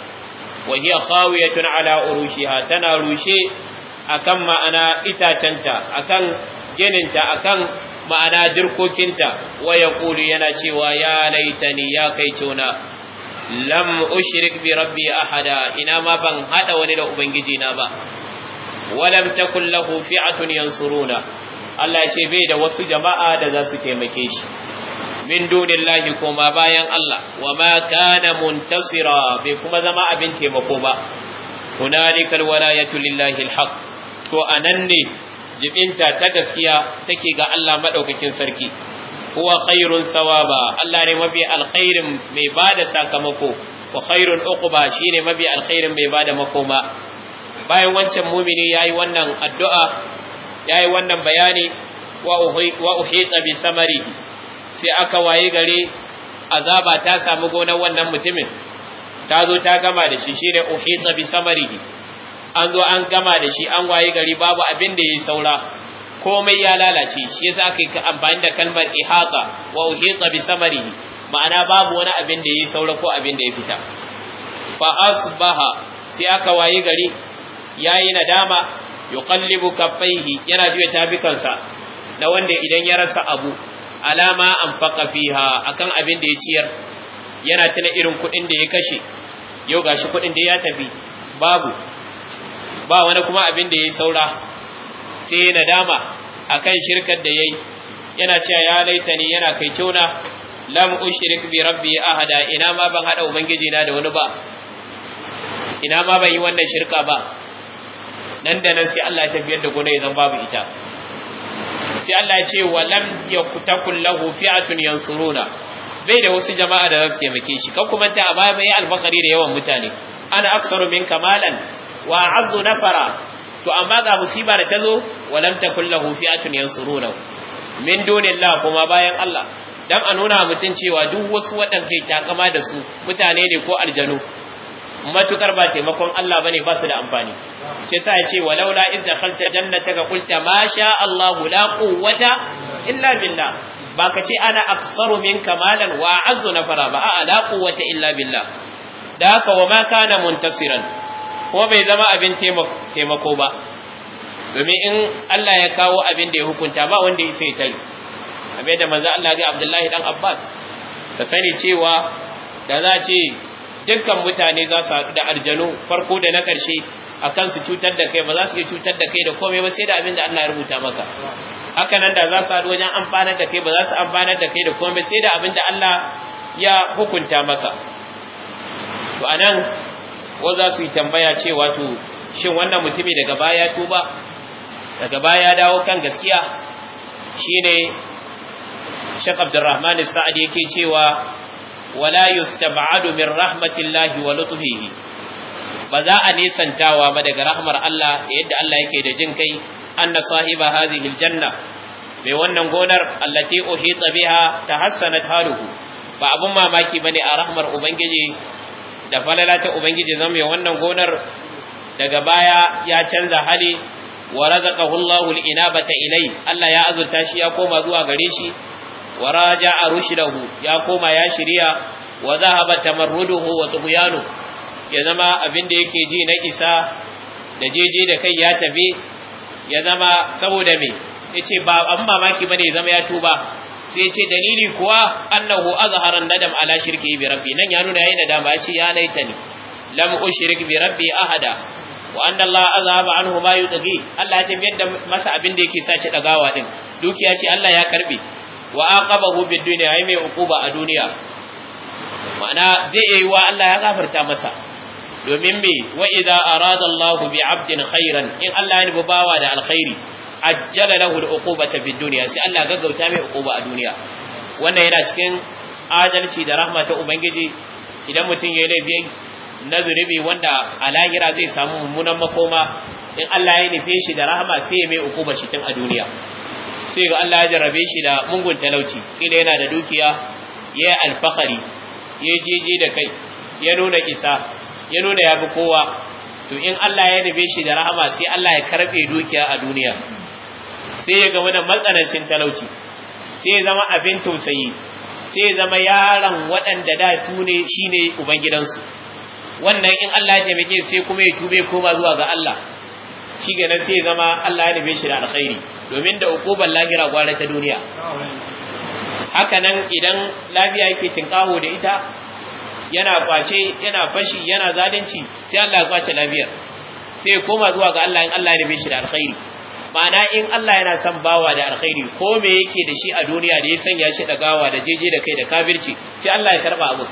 وهي خاوية على أروشها تنا روشي akan ma'ana itacenta akan gininta akan ma'ana dirkokinta wa kulu yana cewa ya laitani ya kai tona lam ushrik bi rabbi ahada ina ma ban hada wani da ubangiji na ba walam takul lahu fi'atun yansuruna Allah ya ce bai da wasu jama'a da za su taimake shi min dunillahi koma bayan Allah wa ma kana muntasira bai kuma zama abin taimako ba hunalikal walayatu lillahi alhaq to a nan ne jibinta ta gaskiya take ga Allah maɗaukakin sarki huwa khairun sawaba Allah ne mafi alkhairin mai bada sakamako wa khairun uquba shine mafi alkhairin mai bada makoma bayan wancan mumini yayi wannan addu'a yayi wannan bayani wa uhita bi samari, sai aka waye gare azaba ta samu gonar wannan mutumin ta zo ta gama da shi shine uhita bi samari. an zo an gama da shi an waye gari babu abin da yayi saura komai ya lalace shi yasa aka yi amfani da kalmar ihaqa wa uhiqa bi samarihi ma'ana babu wani abin da yayi saura ko abin da ya fita fa asbaha sai aka waye gari yayi nadama yuqallibu kaffaihi yana juya tabikansa da wanda idan ya rasa abu alama anfaqa fiha akan abin da ya ciyar yana tuna irin kuɗin da ya kashe yau gashi kuɗin da ya tafi babu ba wani kuma abin da ya yi saura sai ya nadama kan shirkar da ya yi yana cewa ya ne yana kai kyauna lam ushrik bi rabbi ahada ina ma ban hada ubangiji na da wani ba ina ma ban yi wannan shirka ba nan da nan sai Allah ya tafiyar da gona idan babu ita sai Allah ya ce wa lam yakutakul lahu fi'atun yansuruna bai da wasu jama'a da za su taimake shi kan kuma ta a baya bai albakari da yawan mutane ana aksaru min kamalan wa azzu nafara to amma ga musiba da tazo walam takul lahu fi'atun yansurunahu min dunillah kuma bayan Allah dan a nuna mutun cewa duk wasu waɗanda ke takama da su mutane ne ko aljanu matukar ba taimakon Allah bane ba su da amfani shi yasa ya ce walaula idh dakhalta jannataka qulta ma sha Allah la quwwata illa billah ba ka ce ana aksaru min kamalan. wa azzu nafara ba a la quwwata illa billah da haka wa ma kana muntasiran kuma bai zama abin taimako ba domin in Allah ya kawo abin da ya hukunta ba wanda ya sai tare abin da manzo Allah ga Abdullahi dan Abbas ka sani cewa da za ce dukkan mutane za su haɗu da aljanu farko da na ƙarshe akan su cutar da kai ba za su iya cutar da kai da komai ba sai da abin da Allah ya rubuta maka haka nan da za su haɗu wajen amfanar da kai ba za su amfanar da kai da komai sai da abin da Allah ya hukunta maka to anan ko za su yi tambaya cewa to shin wannan mutumi daga baya tuba daga baya dawo kan gaskiya shine Sheikh Abdulrahman Sa'ad yake cewa wala yustab'adu min rahmatillahi wa lutfihi ba za a nesantawa ba daga rahmar Allah da yadda Allah yake da jin kai anna sahiba hadhihi aljanna mai wannan gonar allati uhita biha tahassanat haluhu ba abun mamaki bane a rahmar ubangiji da falala ta ubangiji zama ya wannan gonar daga baya ya canza hali wa razaqahu Allahu al-inabata ilai Allah ya azurta shi ya koma zuwa gare shi wa raja rushdahu ya koma ya shirya. wa zahaba tamarruduhu wa tughyanu ya zama abin da yake ji na isa da jeje da kai ya tafi ya zama saboda me yace ba an mamaki bane ya zama ya tuba sai ce dalili kuwa annahu azhara nadam ala shirki bi rabbi nan ya nuna yayin da dama ya ce ya laitani lam ushrik bi rabbi ahada wa anna Allah azhaba anhu ma yudghi Allah ya tafiyar da masa abin da yake sa shi dagawa din dukiya ce Allah ya karbe wa aqabahu bid dunya ai mai uquba a duniya ma'ana zai yi wa Allah ya gafarta masa domin me wa idza arada Allah bi 'abdin khairan in Allah ya nufi bawa da alkhairi ajjala lahu al-uqubata fid dunya sai Allah gaggauta mai uquba a duniya wannan yana cikin adalci da rahma ta ubangiji idan mutum yayi laifi na zunubi wanda a lahira zai samu mummunan makoma in Allah ya nufe shi da rahama sai ya mai uquba shi tun a duniya sai ga Allah ya jarrabe shi da mungun talauci kila yana da dukiya ya yi alfahari ya jeje da kai ya nuna isa ya nuna yabi kowa to in Allah ya nufe shi da rahama sai Allah ya karbe dukiya a duniya sai ya ga da matsanancin talauci sai ya zama abin tausayi sai ya zama yaron waɗanda da su ne shi ne ubangidansu wannan in Allah ya taimake sai kuma ya tube koma zuwa ga Allah shi ganin sai ya zama Allah ya nufe shi da alkhairi domin da ukuban lahira gwara ta duniya haka nan idan lafiya yake tinkawo da ita yana kwace yana fashi yana zalunci sai Allah ya kwace lafiyar sai koma zuwa ga Allah in Allah ya nufe shi da alkhairi ma'ana in Allah yana son bawa da alkhairi ko me yake da shi a duniya da ya sanya shi da gawa da jeje da kai da kafirci sai Allah ya karba abu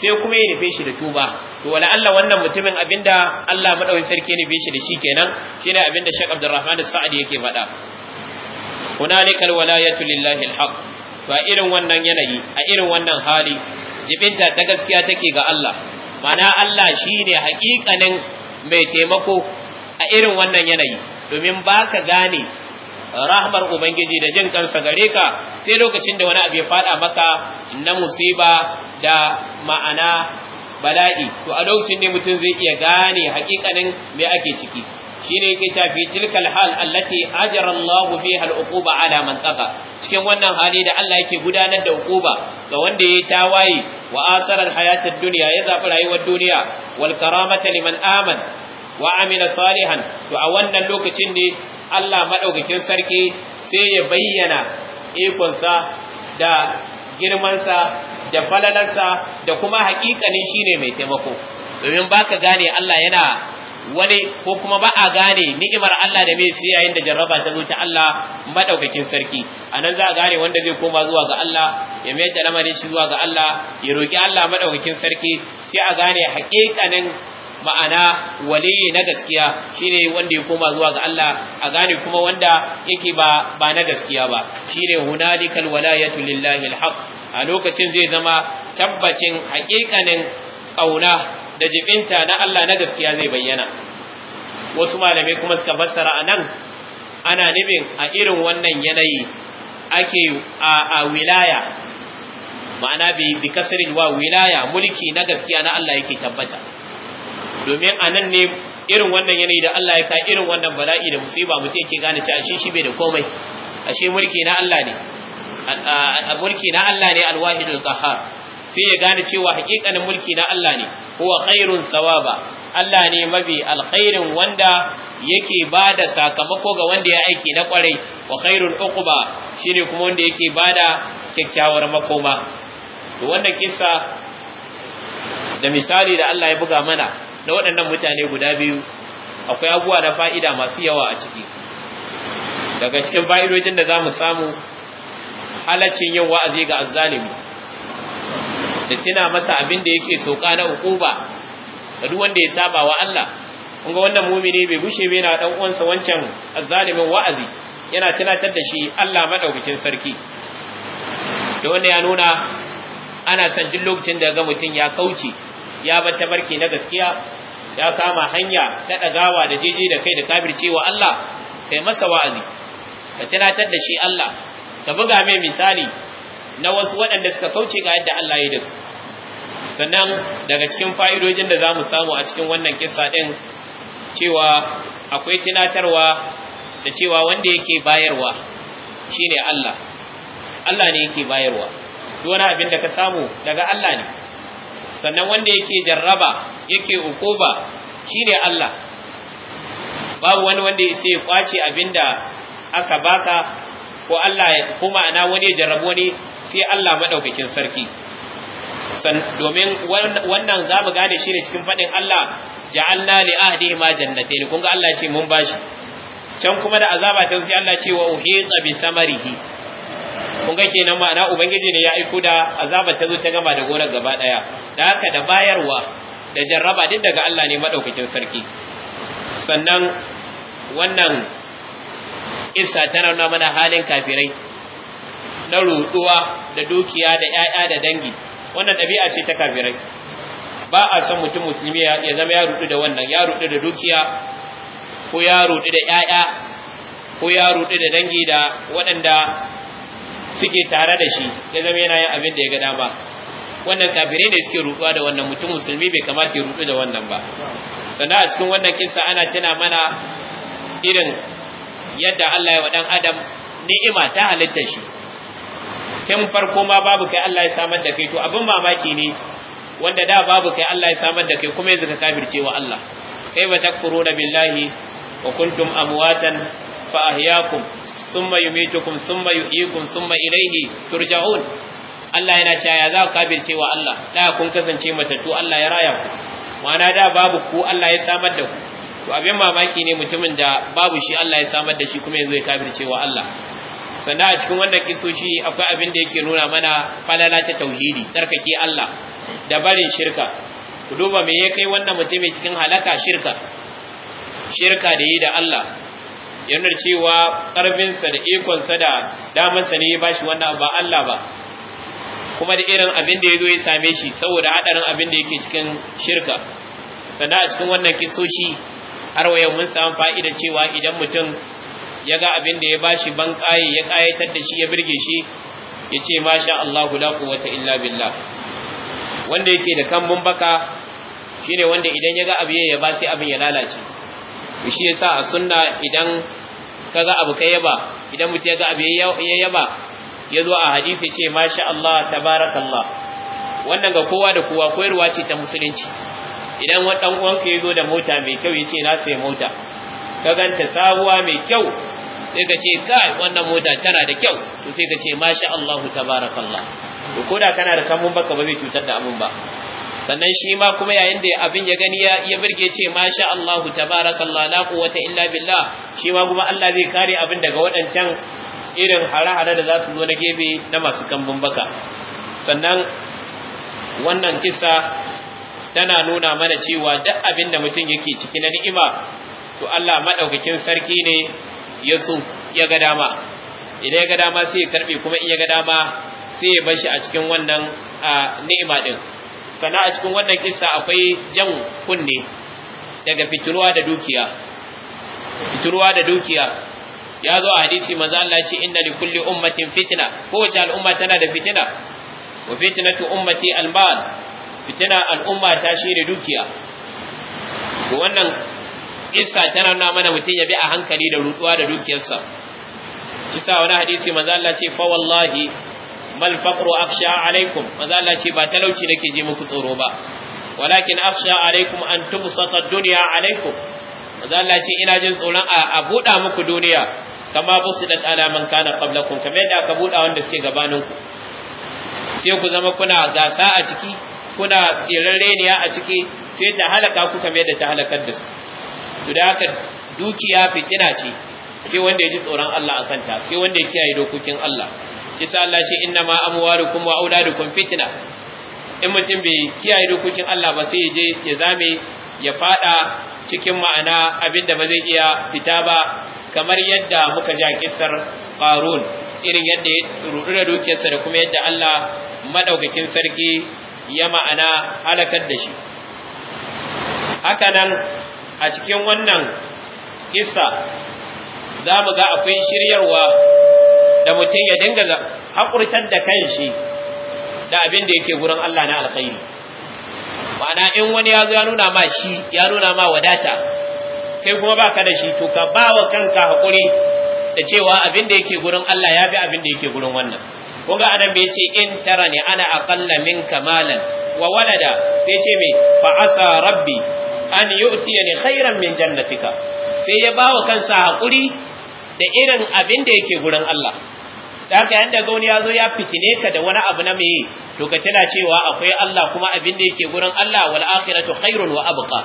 sai kuma ya nufe shi da tuba to wala Allah wannan mutumin abinda Allah madawin sarki ne shi da shi kenan shine abinda Sheikh Abdulrahman Sa'adi yake faɗa hunalikal walayatu lillahi alhaq ba irin wannan yanayi a irin wannan hali jibinta ta gaskiya take ga Allah Ma'ana Allah shine haƙiƙanin mai taimako a irin wannan yanayi domin ba ka gane rahmar ubangiji da jin kansa gare ka sai lokacin da wani abu ya fada maka na musiba da ma'ana bala'i to a lokacin ne mutum zai iya gane hakikanin me ake ciki shine yake ta fi tilkal hal allati ajara Allah fiha al-uquba ala man taqa cikin wannan hali da Allah yake gudanar da uquba ga wanda yayi tawaye wa asara al-hayat ad-dunya ya zafi rayuwar duniya wal karamata liman aman wa Amina salihan to a wannan lokacin ne Allah maɗaukakin sarki sai ya bayyana ikonsa da girmansa da falalansa da kuma haƙiƙanin shine mai taimako domin ba ka gane Allah yana wani ko kuma ba a gane ni'imar Allah da mai sai yayin da jarraba ta zo ta Allah madaukakin sarki anan za a gane wanda zai koma zuwa ga Allah ya mai da lamarin shi zuwa ga Allah ya roki Allah madaukakin sarki sai a gane haƙiƙanin ma'ana waliyi na gaskiya shine wanda ya koma zuwa ga Allah a gane kuma wanda yake ba ba na gaskiya ba shine hunalikal walayatu lillahi alhaq a lokacin zai zama tabbacin haƙiƙanin kauna da jibinta na Allah na gaskiya zai bayyana wasu malamai kuma suka fassara anan ana nufin a irin wannan yanayi ake a wilaya ma'ana bi kasrin wa wilaya mulki na gaskiya na Allah yake tabbata domin a nan ne irin wannan yanayi da Allah ya ka irin wannan bala'i da musiba mutum yake gane cewa shi shi bai da komai ashe mulki na Allah ne mulki na Allah ne alwahidul qahar sai ya gane cewa hakikanin mulki na Allah ne huwa khairun sawaba Allah ne mabi alkhairin wanda yake bada sakamako ga wanda ya aiki na kwarai wa khairul uquba shine kuma wanda yake bada kyakkyawar makoma to wannan kissa da misali da Allah ya buga mana na waɗannan mutane guda biyu akwai abuwa na fa'ida masu yawa a ciki daga cikin fa'idojin da za mu samu halaccin yin wa'azi ga azzalumi, da tina masa abin da yake soka na ukuba da duk wanda ya saba wa Allah kun ga wannan mumini bai bushe bai na dan uwansa wancan azzalumin wa'azi yana tunatar da shi Allah maɗaukakin sarki da wanda ya nuna ana san duk lokacin da ga mutum ya kauce ya bar tabarki na gaskiya ya kama hanya ta dagawa da jeje da kai da wa Allah kai masa wa'azi ka tunatar da shi Allah ka buga mai misali na wasu waɗanda suka kauce ga yadda Allah ya yi da su sannan daga cikin fa'idojin da za mu samu a cikin wannan kissa ɗin cewa akwai tunatarwa da cewa wanda yake bayarwa shine Allah Allah ne yake bayarwa duk wani abin da ka samu daga Allah ne sannan wanda yake jarraba yake ukuba shine Allah babu wani wanda ya sai kwace abinda aka baka ko Allah kuma ma'ana wani ya jarrabu wani sai Allah madaukakin sarki domin wannan za mu gane shi ne cikin faɗin Allah ja'alna li ahdihi ma jannatayn kun ga Allah ce mun bashi can kuma da azaba ta sai Allah ce wa uhiqa bi samarihi kun ga kenan ma'ana ubangiji ne ya aiko da azabar ta zo ta gama da gonar gaba daya da haka da bayarwa da jarraba duk daga Allah ne madaukakin sarki sannan wannan isa tana nuna mana halin kafirai na ruɗuwa da dukiya da ƴaƴa da dangi wannan ɗabi'a ce ta kafirai ba a san mutum musulmi ya zama ya ruɗu da wannan ya ruɗu da dukiya ko ya ruɗu da ƴaƴa ko ya ruɗu da dangi da waɗanda suke tare da shi ya zama yana yin abin da ya ga dama wannan kafirai ne suke ruɗuwa da wannan mutum musulmi bai kamata ya ruɗu da wannan ba sannan a cikin wannan kisa ana tana mana irin yadda Allah ya wa dan adam ni'ima ta halitta shi tun farko ma babu kai Allah ya samar da kai to abin mamaki ne wanda da babu kai Allah ya samar da kai kuma yanzu ka kafirce wa Allah kaifa takfuruna billahi wa kuntum amwatan fa ahyakum summa yumitukum summa yuhyikum summa ilayhi turja'un Allah yana cewa ya za ku kabirce wa Allah da kun kasance matattu Allah ya raya ku ma'ana da babu ku Allah ya samar da ku to abin mamaki ne mutumin da babu shi Allah ya samar da shi kuma yanzu ya kabirce wa Allah sannan a cikin wannan kisoshi akwai abin da yake nuna mana falala ta tauhidi tsarkake Allah da barin shirka ku duba me ya kai wannan mutumin cikin halaka shirka shirka da yi da Allah yana cewa ƙarfinsa da ikonsa da damansa ne ya bashi wannan ba Allah ba kuma da irin abin da ya zo ya same shi saboda haɗarin abin da yake cikin shirka sannan a cikin wannan kisoshi har waya mun samu fa'ida cewa idan mutum ya ga abin da ya bashi ban ƙaye ya ƙayatar da shi ya birge shi ya ce masha Allah la quwwata illa billah wanda yake da kan mun baka shine wanda idan ya ga abu ya ba sai abin ya lalace shi yasa a sunna idan kaga abu kai yaba idan mutum ya ga abu ya yaba ya zo a hadisi ce masha Allah tabarakallah wannan ga kowa da kowa koyarwa ce ta musulunci idan wani dan uwanka ya zo da mota mai kyau yace ce na sai mota ka ganta sabuwa mai kyau sai ka ce kai wannan mota tana da kyau to sai ka ce masha Allah tabarakallah ko da kana da kamun baka ba zai cutar da abun ba sannan shi ma kuma yayin da abin ya gani ya birge ce masha Allahu tabarakallah la quwwata illa billah shi ma kuma Allah zai kare abin daga waɗancan irin hare-hare da za su zo na gebe na masu kambun baka sannan wannan kisa tana nuna mana cewa duk abin da mutum yake ciki na ni'ima to Allah madaukakin sarki ne ya so ya ga dama idan ya ga dama sai ya karbe kuma in ya ga dama sai ya bar shi a cikin wannan ni'ima din sana a cikin wannan kissa akwai jan kunne daga fituruwa da dukiya fituruwa da dukiya ya zo a hadisi manzo Allah ya ce inna li kulli ummatin fitna kowace al'umma tana da fitina wa fitnatu ummati al-mal fitina al'umma ta shine dukiya to wannan kissa tana nuna mana mutum ya bi a hankali da rutuwa da dukiyarsa kisa wani hadisi manzo Allah ce fa wallahi bal faqru akhsha alaikum manzo Allah ce ba talauci nake ji muku tsoro ba walakin akhsha alaikum an tubsata dunya alaikum manzo Allah ce ina jin tsoron a buɗa muku duniya kama busidat ala man kana qablakum kamar yadda aka buɗa wanda suke gabanin ku sai ku zama kuna gasa a ciki kuna irarreniya a ciki sai ta halaka ku kamar yadda ta halakar da su to da haka dukiya fitina ce sai wanda ya ji tsoron Allah akan ta sai wanda ya kiyaye dokokin Allah yasa Allah shi inna ma amwalukum wa auladukum fitna in mutum bai kiyaye dokokin Allah ba sai je ya zame ya fada cikin ma'ana abin da ba zai iya fita ba kamar yadda muka ja kissar Qarun irin yadda ya rudu da dukiyarsa da kuma yadda Allah madaukakin sarki ya ma'ana halakar da shi haka nan a cikin wannan kissa za mu ga akwai shiryarwa da mutum ya dinga haƙurtar da kanshi da abin da yake gurin Allah na alkhairi ma'ana in wani ya zo ya nuna ma shi ya nuna ma wadata kai kuma baka da shi to ka ba wa kanka haƙuri da cewa abin da yake gurin Allah ya fi abin da yake gurin wannan kun ga adam bai ce in tara ne ana aqalla min kamalan wa walada sai ce mai fa rabbi an yu'tiyani khairan min jannatika sai ya ba wa kansa haƙuri da irin abin da yake gurin Allah da haka yanda ga wani ya zo ya fitine ka da wani abu na meye to ka tana cewa akwai Allah kuma abin da yake gurin Allah wal akhiratu khairun wa abqa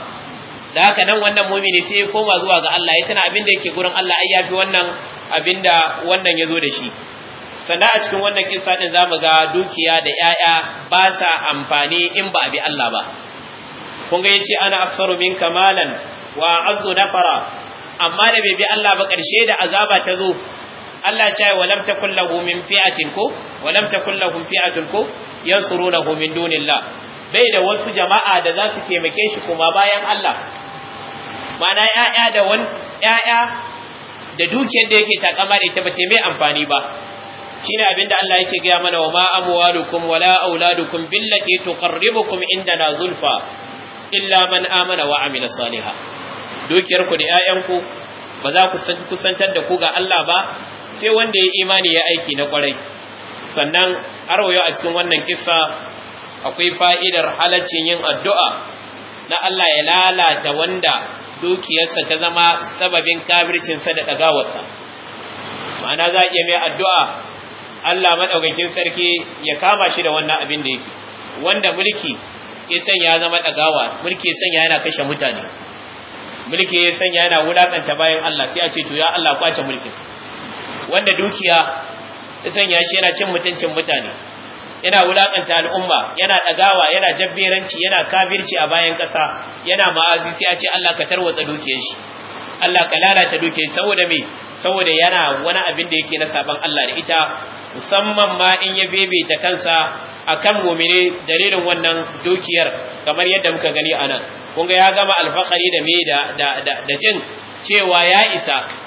da haka nan wannan mu'mini sai ya koma zuwa ga Allah ya tana abin da yake gurin Allah ai yafi wannan abin da wannan ya zo da shi sannan a cikin wannan kissa din zamu ga dukiya da 'ya'ya ba sa amfani in ba bi Allah ba kun ga yace ana aksaru min kamalan wa azu nafara amma da bai bi Allah ba karshe da azaba ta zo Allah ya ce walam takul lahu min fi'atin ko walam takul lahu fi'atun ko yansurunahu min dunillah bai da wasu jama'a da za su taimake shi kuma bayan Allah mana 'ya'ya da wani ya'ya da dukiyar da yake takama da ita ba ta mai amfani ba shine abinda Allah yake gaya mana wa ma amwalukum wala auladukum billati tuqarribukum indana zulfa illa man amana wa amila salihah dukiyar ku da 'ya'yanku ba za ku kusantar da ku ga Allah ba sai wanda ya imani ya aiki na kwarai sannan har wayo a cikin wannan kisa akwai fa'idar halaccin yin addu'a na Allah ya lalata wanda dukiyarsa ta zama sababin kabircinsa da ɗagawarsa ma'ana za a iya mai addu'a Allah maɗaukakin sarki ya kama shi da wannan abin da yake wanda mulki ya sanya zama ɗagawa mulki ya sanya yana kashe mutane mulki ya sanya yana wulaƙanta bayan Allah sai a ce to ya Allah kwace mulkin wanda dukiya ya sanya shi yana cin mutuncin mutane yana wulakanta al'umma yana ɗagawa yana jabberanci yana kafirci a bayan kasa yana ma'azi sai a ce Allah ka tarwatsa dukiyar shi Allah ka lalata dukiyar saboda me saboda yana wani abin da yake na saban Allah da ita musamman ma in ya bebe ta kansa akan mumine dalilin wannan dukiyar kamar yadda muka gani anan kun ga ya gama alfaqari da me da da jin cewa ya isa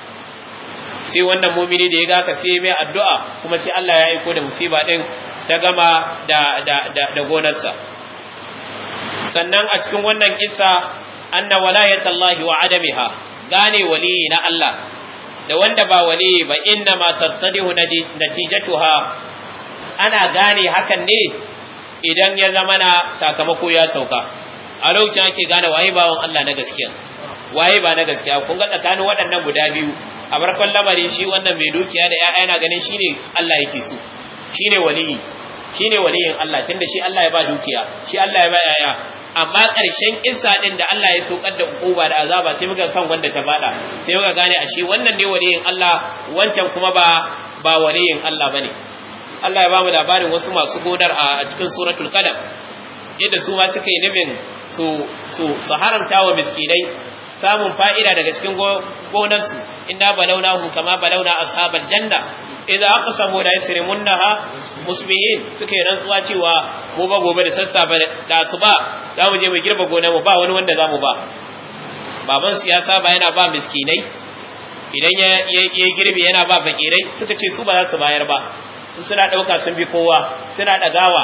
sai wannan mumini da ya ga ka sai mai addu'a kuma sai Allah ya aiko da musiba din ta gama da da da, da gonarsa sannan a cikin wannan kissa anna walayatallahi wa adamiha gane waliyi na Allah da wanda ba waliyi ba inna ma tattadihu natijatuha ana gane hakan ne idan ya zama na sakamako ya sauka a lokacin ake gane waye bawan Allah na gaskiya waye ba na gaskiya kun ga tsakanin waɗannan guda biyu a barkon lamarin shi wannan mai dukiya da 'ya'ya yana ganin shine Allah yake so shine waliyi shine waliyin Allah tunda shi Allah ya ba dukiya shi Allah ya ba ƴaƴa amma ƙarshen kissa din da Allah ya sokar da ba da azaba sai muka kan wanda ta bada sai muka gane a shi wannan ne waliyin Allah wancan kuma ba ba waliyin Allah bane Allah ya ba mu labarin wasu masu godar a cikin suratul qalam yadda su ma suka yi nufin su su haramta wa miskinai samun fa'ida daga cikin gonarsu inna hu kama balawna ashabal janna idza aqsamu la ha musulmi suka yi rantsuwa cewa gobe gobe da sassafe da ba za mu je mu girba gonar mu ba wani wanda za mu ba baban siyasa ba yana ba miskinai idan ya girbi yana ba fakirai suka ce su ba za su bayar ba su suna ɗauka sun bi kowa suna ɗagawa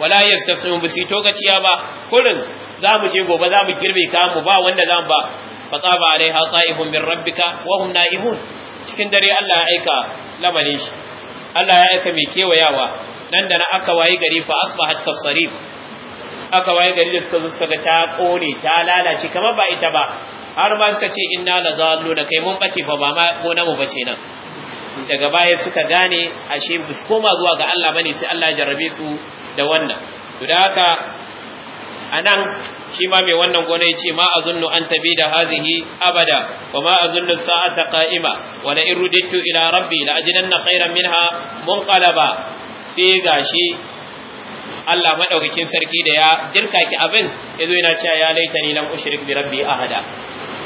wala sun bisi tokaciya ba kurin za mu je gobe za mu girbe kayan mu ba wanda mu ba fa tsaba alaiha sa'ihun min rabbika wa hum na'imun cikin dare Allah ya aika lamarin shi Allah ya aika mai kewayawa nan da na aka waye gari fa asbahat kasarib aka waye gari da suka zo suka ta kone ta lalace kamar ba ita ba har ma suka ce inna la zallu da kai mun bace fa ba ma gona mu bace nan daga baya suka gane ashe ba koma zuwa ga Allah bane sai Allah ya jarrabe su da wannan to da haka anan shi ma mai wannan gona ya ce ma azunnu an tabi da hazihi abada wa ma azunnu sa'ata qa'ima wa la irudittu ila rabbi la ajidanna khayran minha munqalaba sai gashi Allah madaukakin sarki da ya jirka ki abin yazo yana cewa ya laitani lam ushrik bi rabbi ahada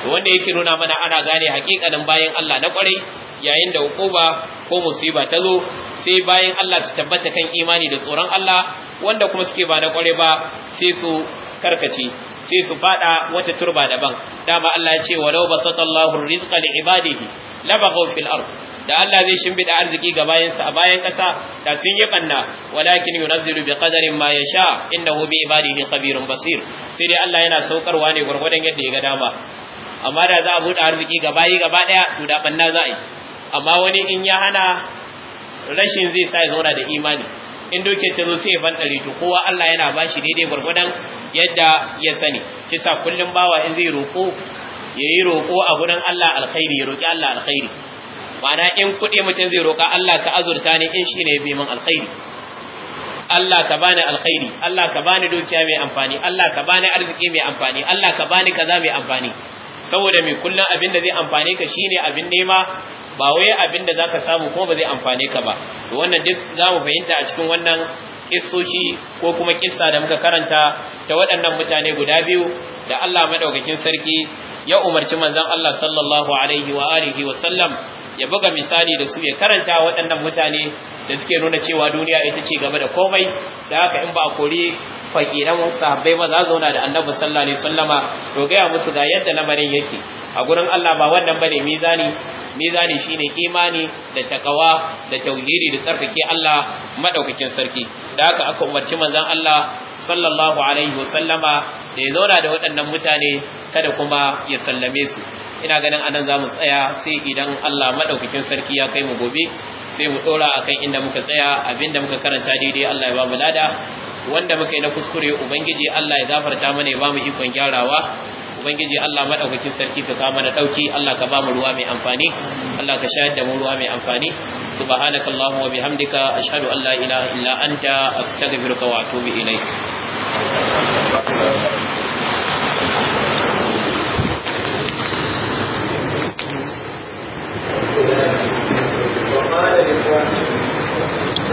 to wanda yake nuna mana ana gane hakikanin bayan Allah na kwarai yayin da hukuma ko musiba ta zo sai bayan Allah su tabbata kan imani da tsoron Allah wanda kuma suke ba na kwarai ba sai su karkace sai su fada wata turba daban dama Allah ya ce walau basatallahu rizqa li ibadihi labaghaw fil ard da Allah zai shimbida arziki ga bayansa a bayan kasa da sun yi banna walakin yunazzilu bi qadarin ma yasha innahu bi ibadihi khabirun basir sai dai Allah yana saukarwa ne gurgurdan yadda ya ga dama amma da za a buɗe arziki gaba yi gaba ɗaya to da banna za a yi amma wani in ya hana rashin zai sa ya zauna da imani in dokin ta zo sai ya banɗare to kowa Allah yana ba shi daidai gwargwadon yadda ya sani shi sa kullum bawa in zai roƙo ya yi roƙo a gurin Allah alkhairi ya roƙi Allah alkhairi ma'ana in kuɗi mutum zai roƙa Allah ka azurta ne in shi ne ya bi min alkhairi Allah ka bani alkhairi Allah ka bani dukiya mai amfani Allah ka bani arziki mai amfani Allah ka bani kaza mai amfani saboda mai kullum abin da zai amfane ka shine abin nema ba wai abin da za ka samu kuma ba zai amfane ka ba to wannan duk zamu fahimta a cikin wannan kissoshi ko kuma kissa da muka karanta ta waɗannan mutane guda biyu da Allah madaukakin sarki ya umarci manzon Allah sallallahu alaihi wa alihi wa sallam ya buga misali da su ya karanta waɗannan mutane da suke nuna cewa duniya ita ce game da komai da haka in ba a kori fakiran sahabbai ba za zauna da annabi sallallahu alaihi wasallama to gaya musu ga yadda na lamarin yake a gurin Allah ba wannan bane mizani mizani shine imani da takawa da tauhidi da tsarkake Allah madaukakin sarki da haka aka umarci manzon Allah sallallahu alaihi wasallama da ya zauna da waɗannan mutane kada kuma ya sallame su ina ganin anan za mu tsaya sai idan Allah madaukakin sarki ya kai mu gobe sai mu dora akan inda muka tsaya abinda muka karanta daidai Allah ya ba mu lada wanda muka yi na kuskure ubangiji Allah ya gafarta mana ya ba mu ikon gyarawa ubangiji Allah madaukakin sarki ka kama da dauki Allah ka ba mu ruwa mai amfani Allah ka shayar da mu ruwa mai amfani subhanakallahumma wa bihamdika ashhadu an la ilaha illa anta astaghfiruka wa atubu ilaik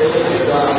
وقال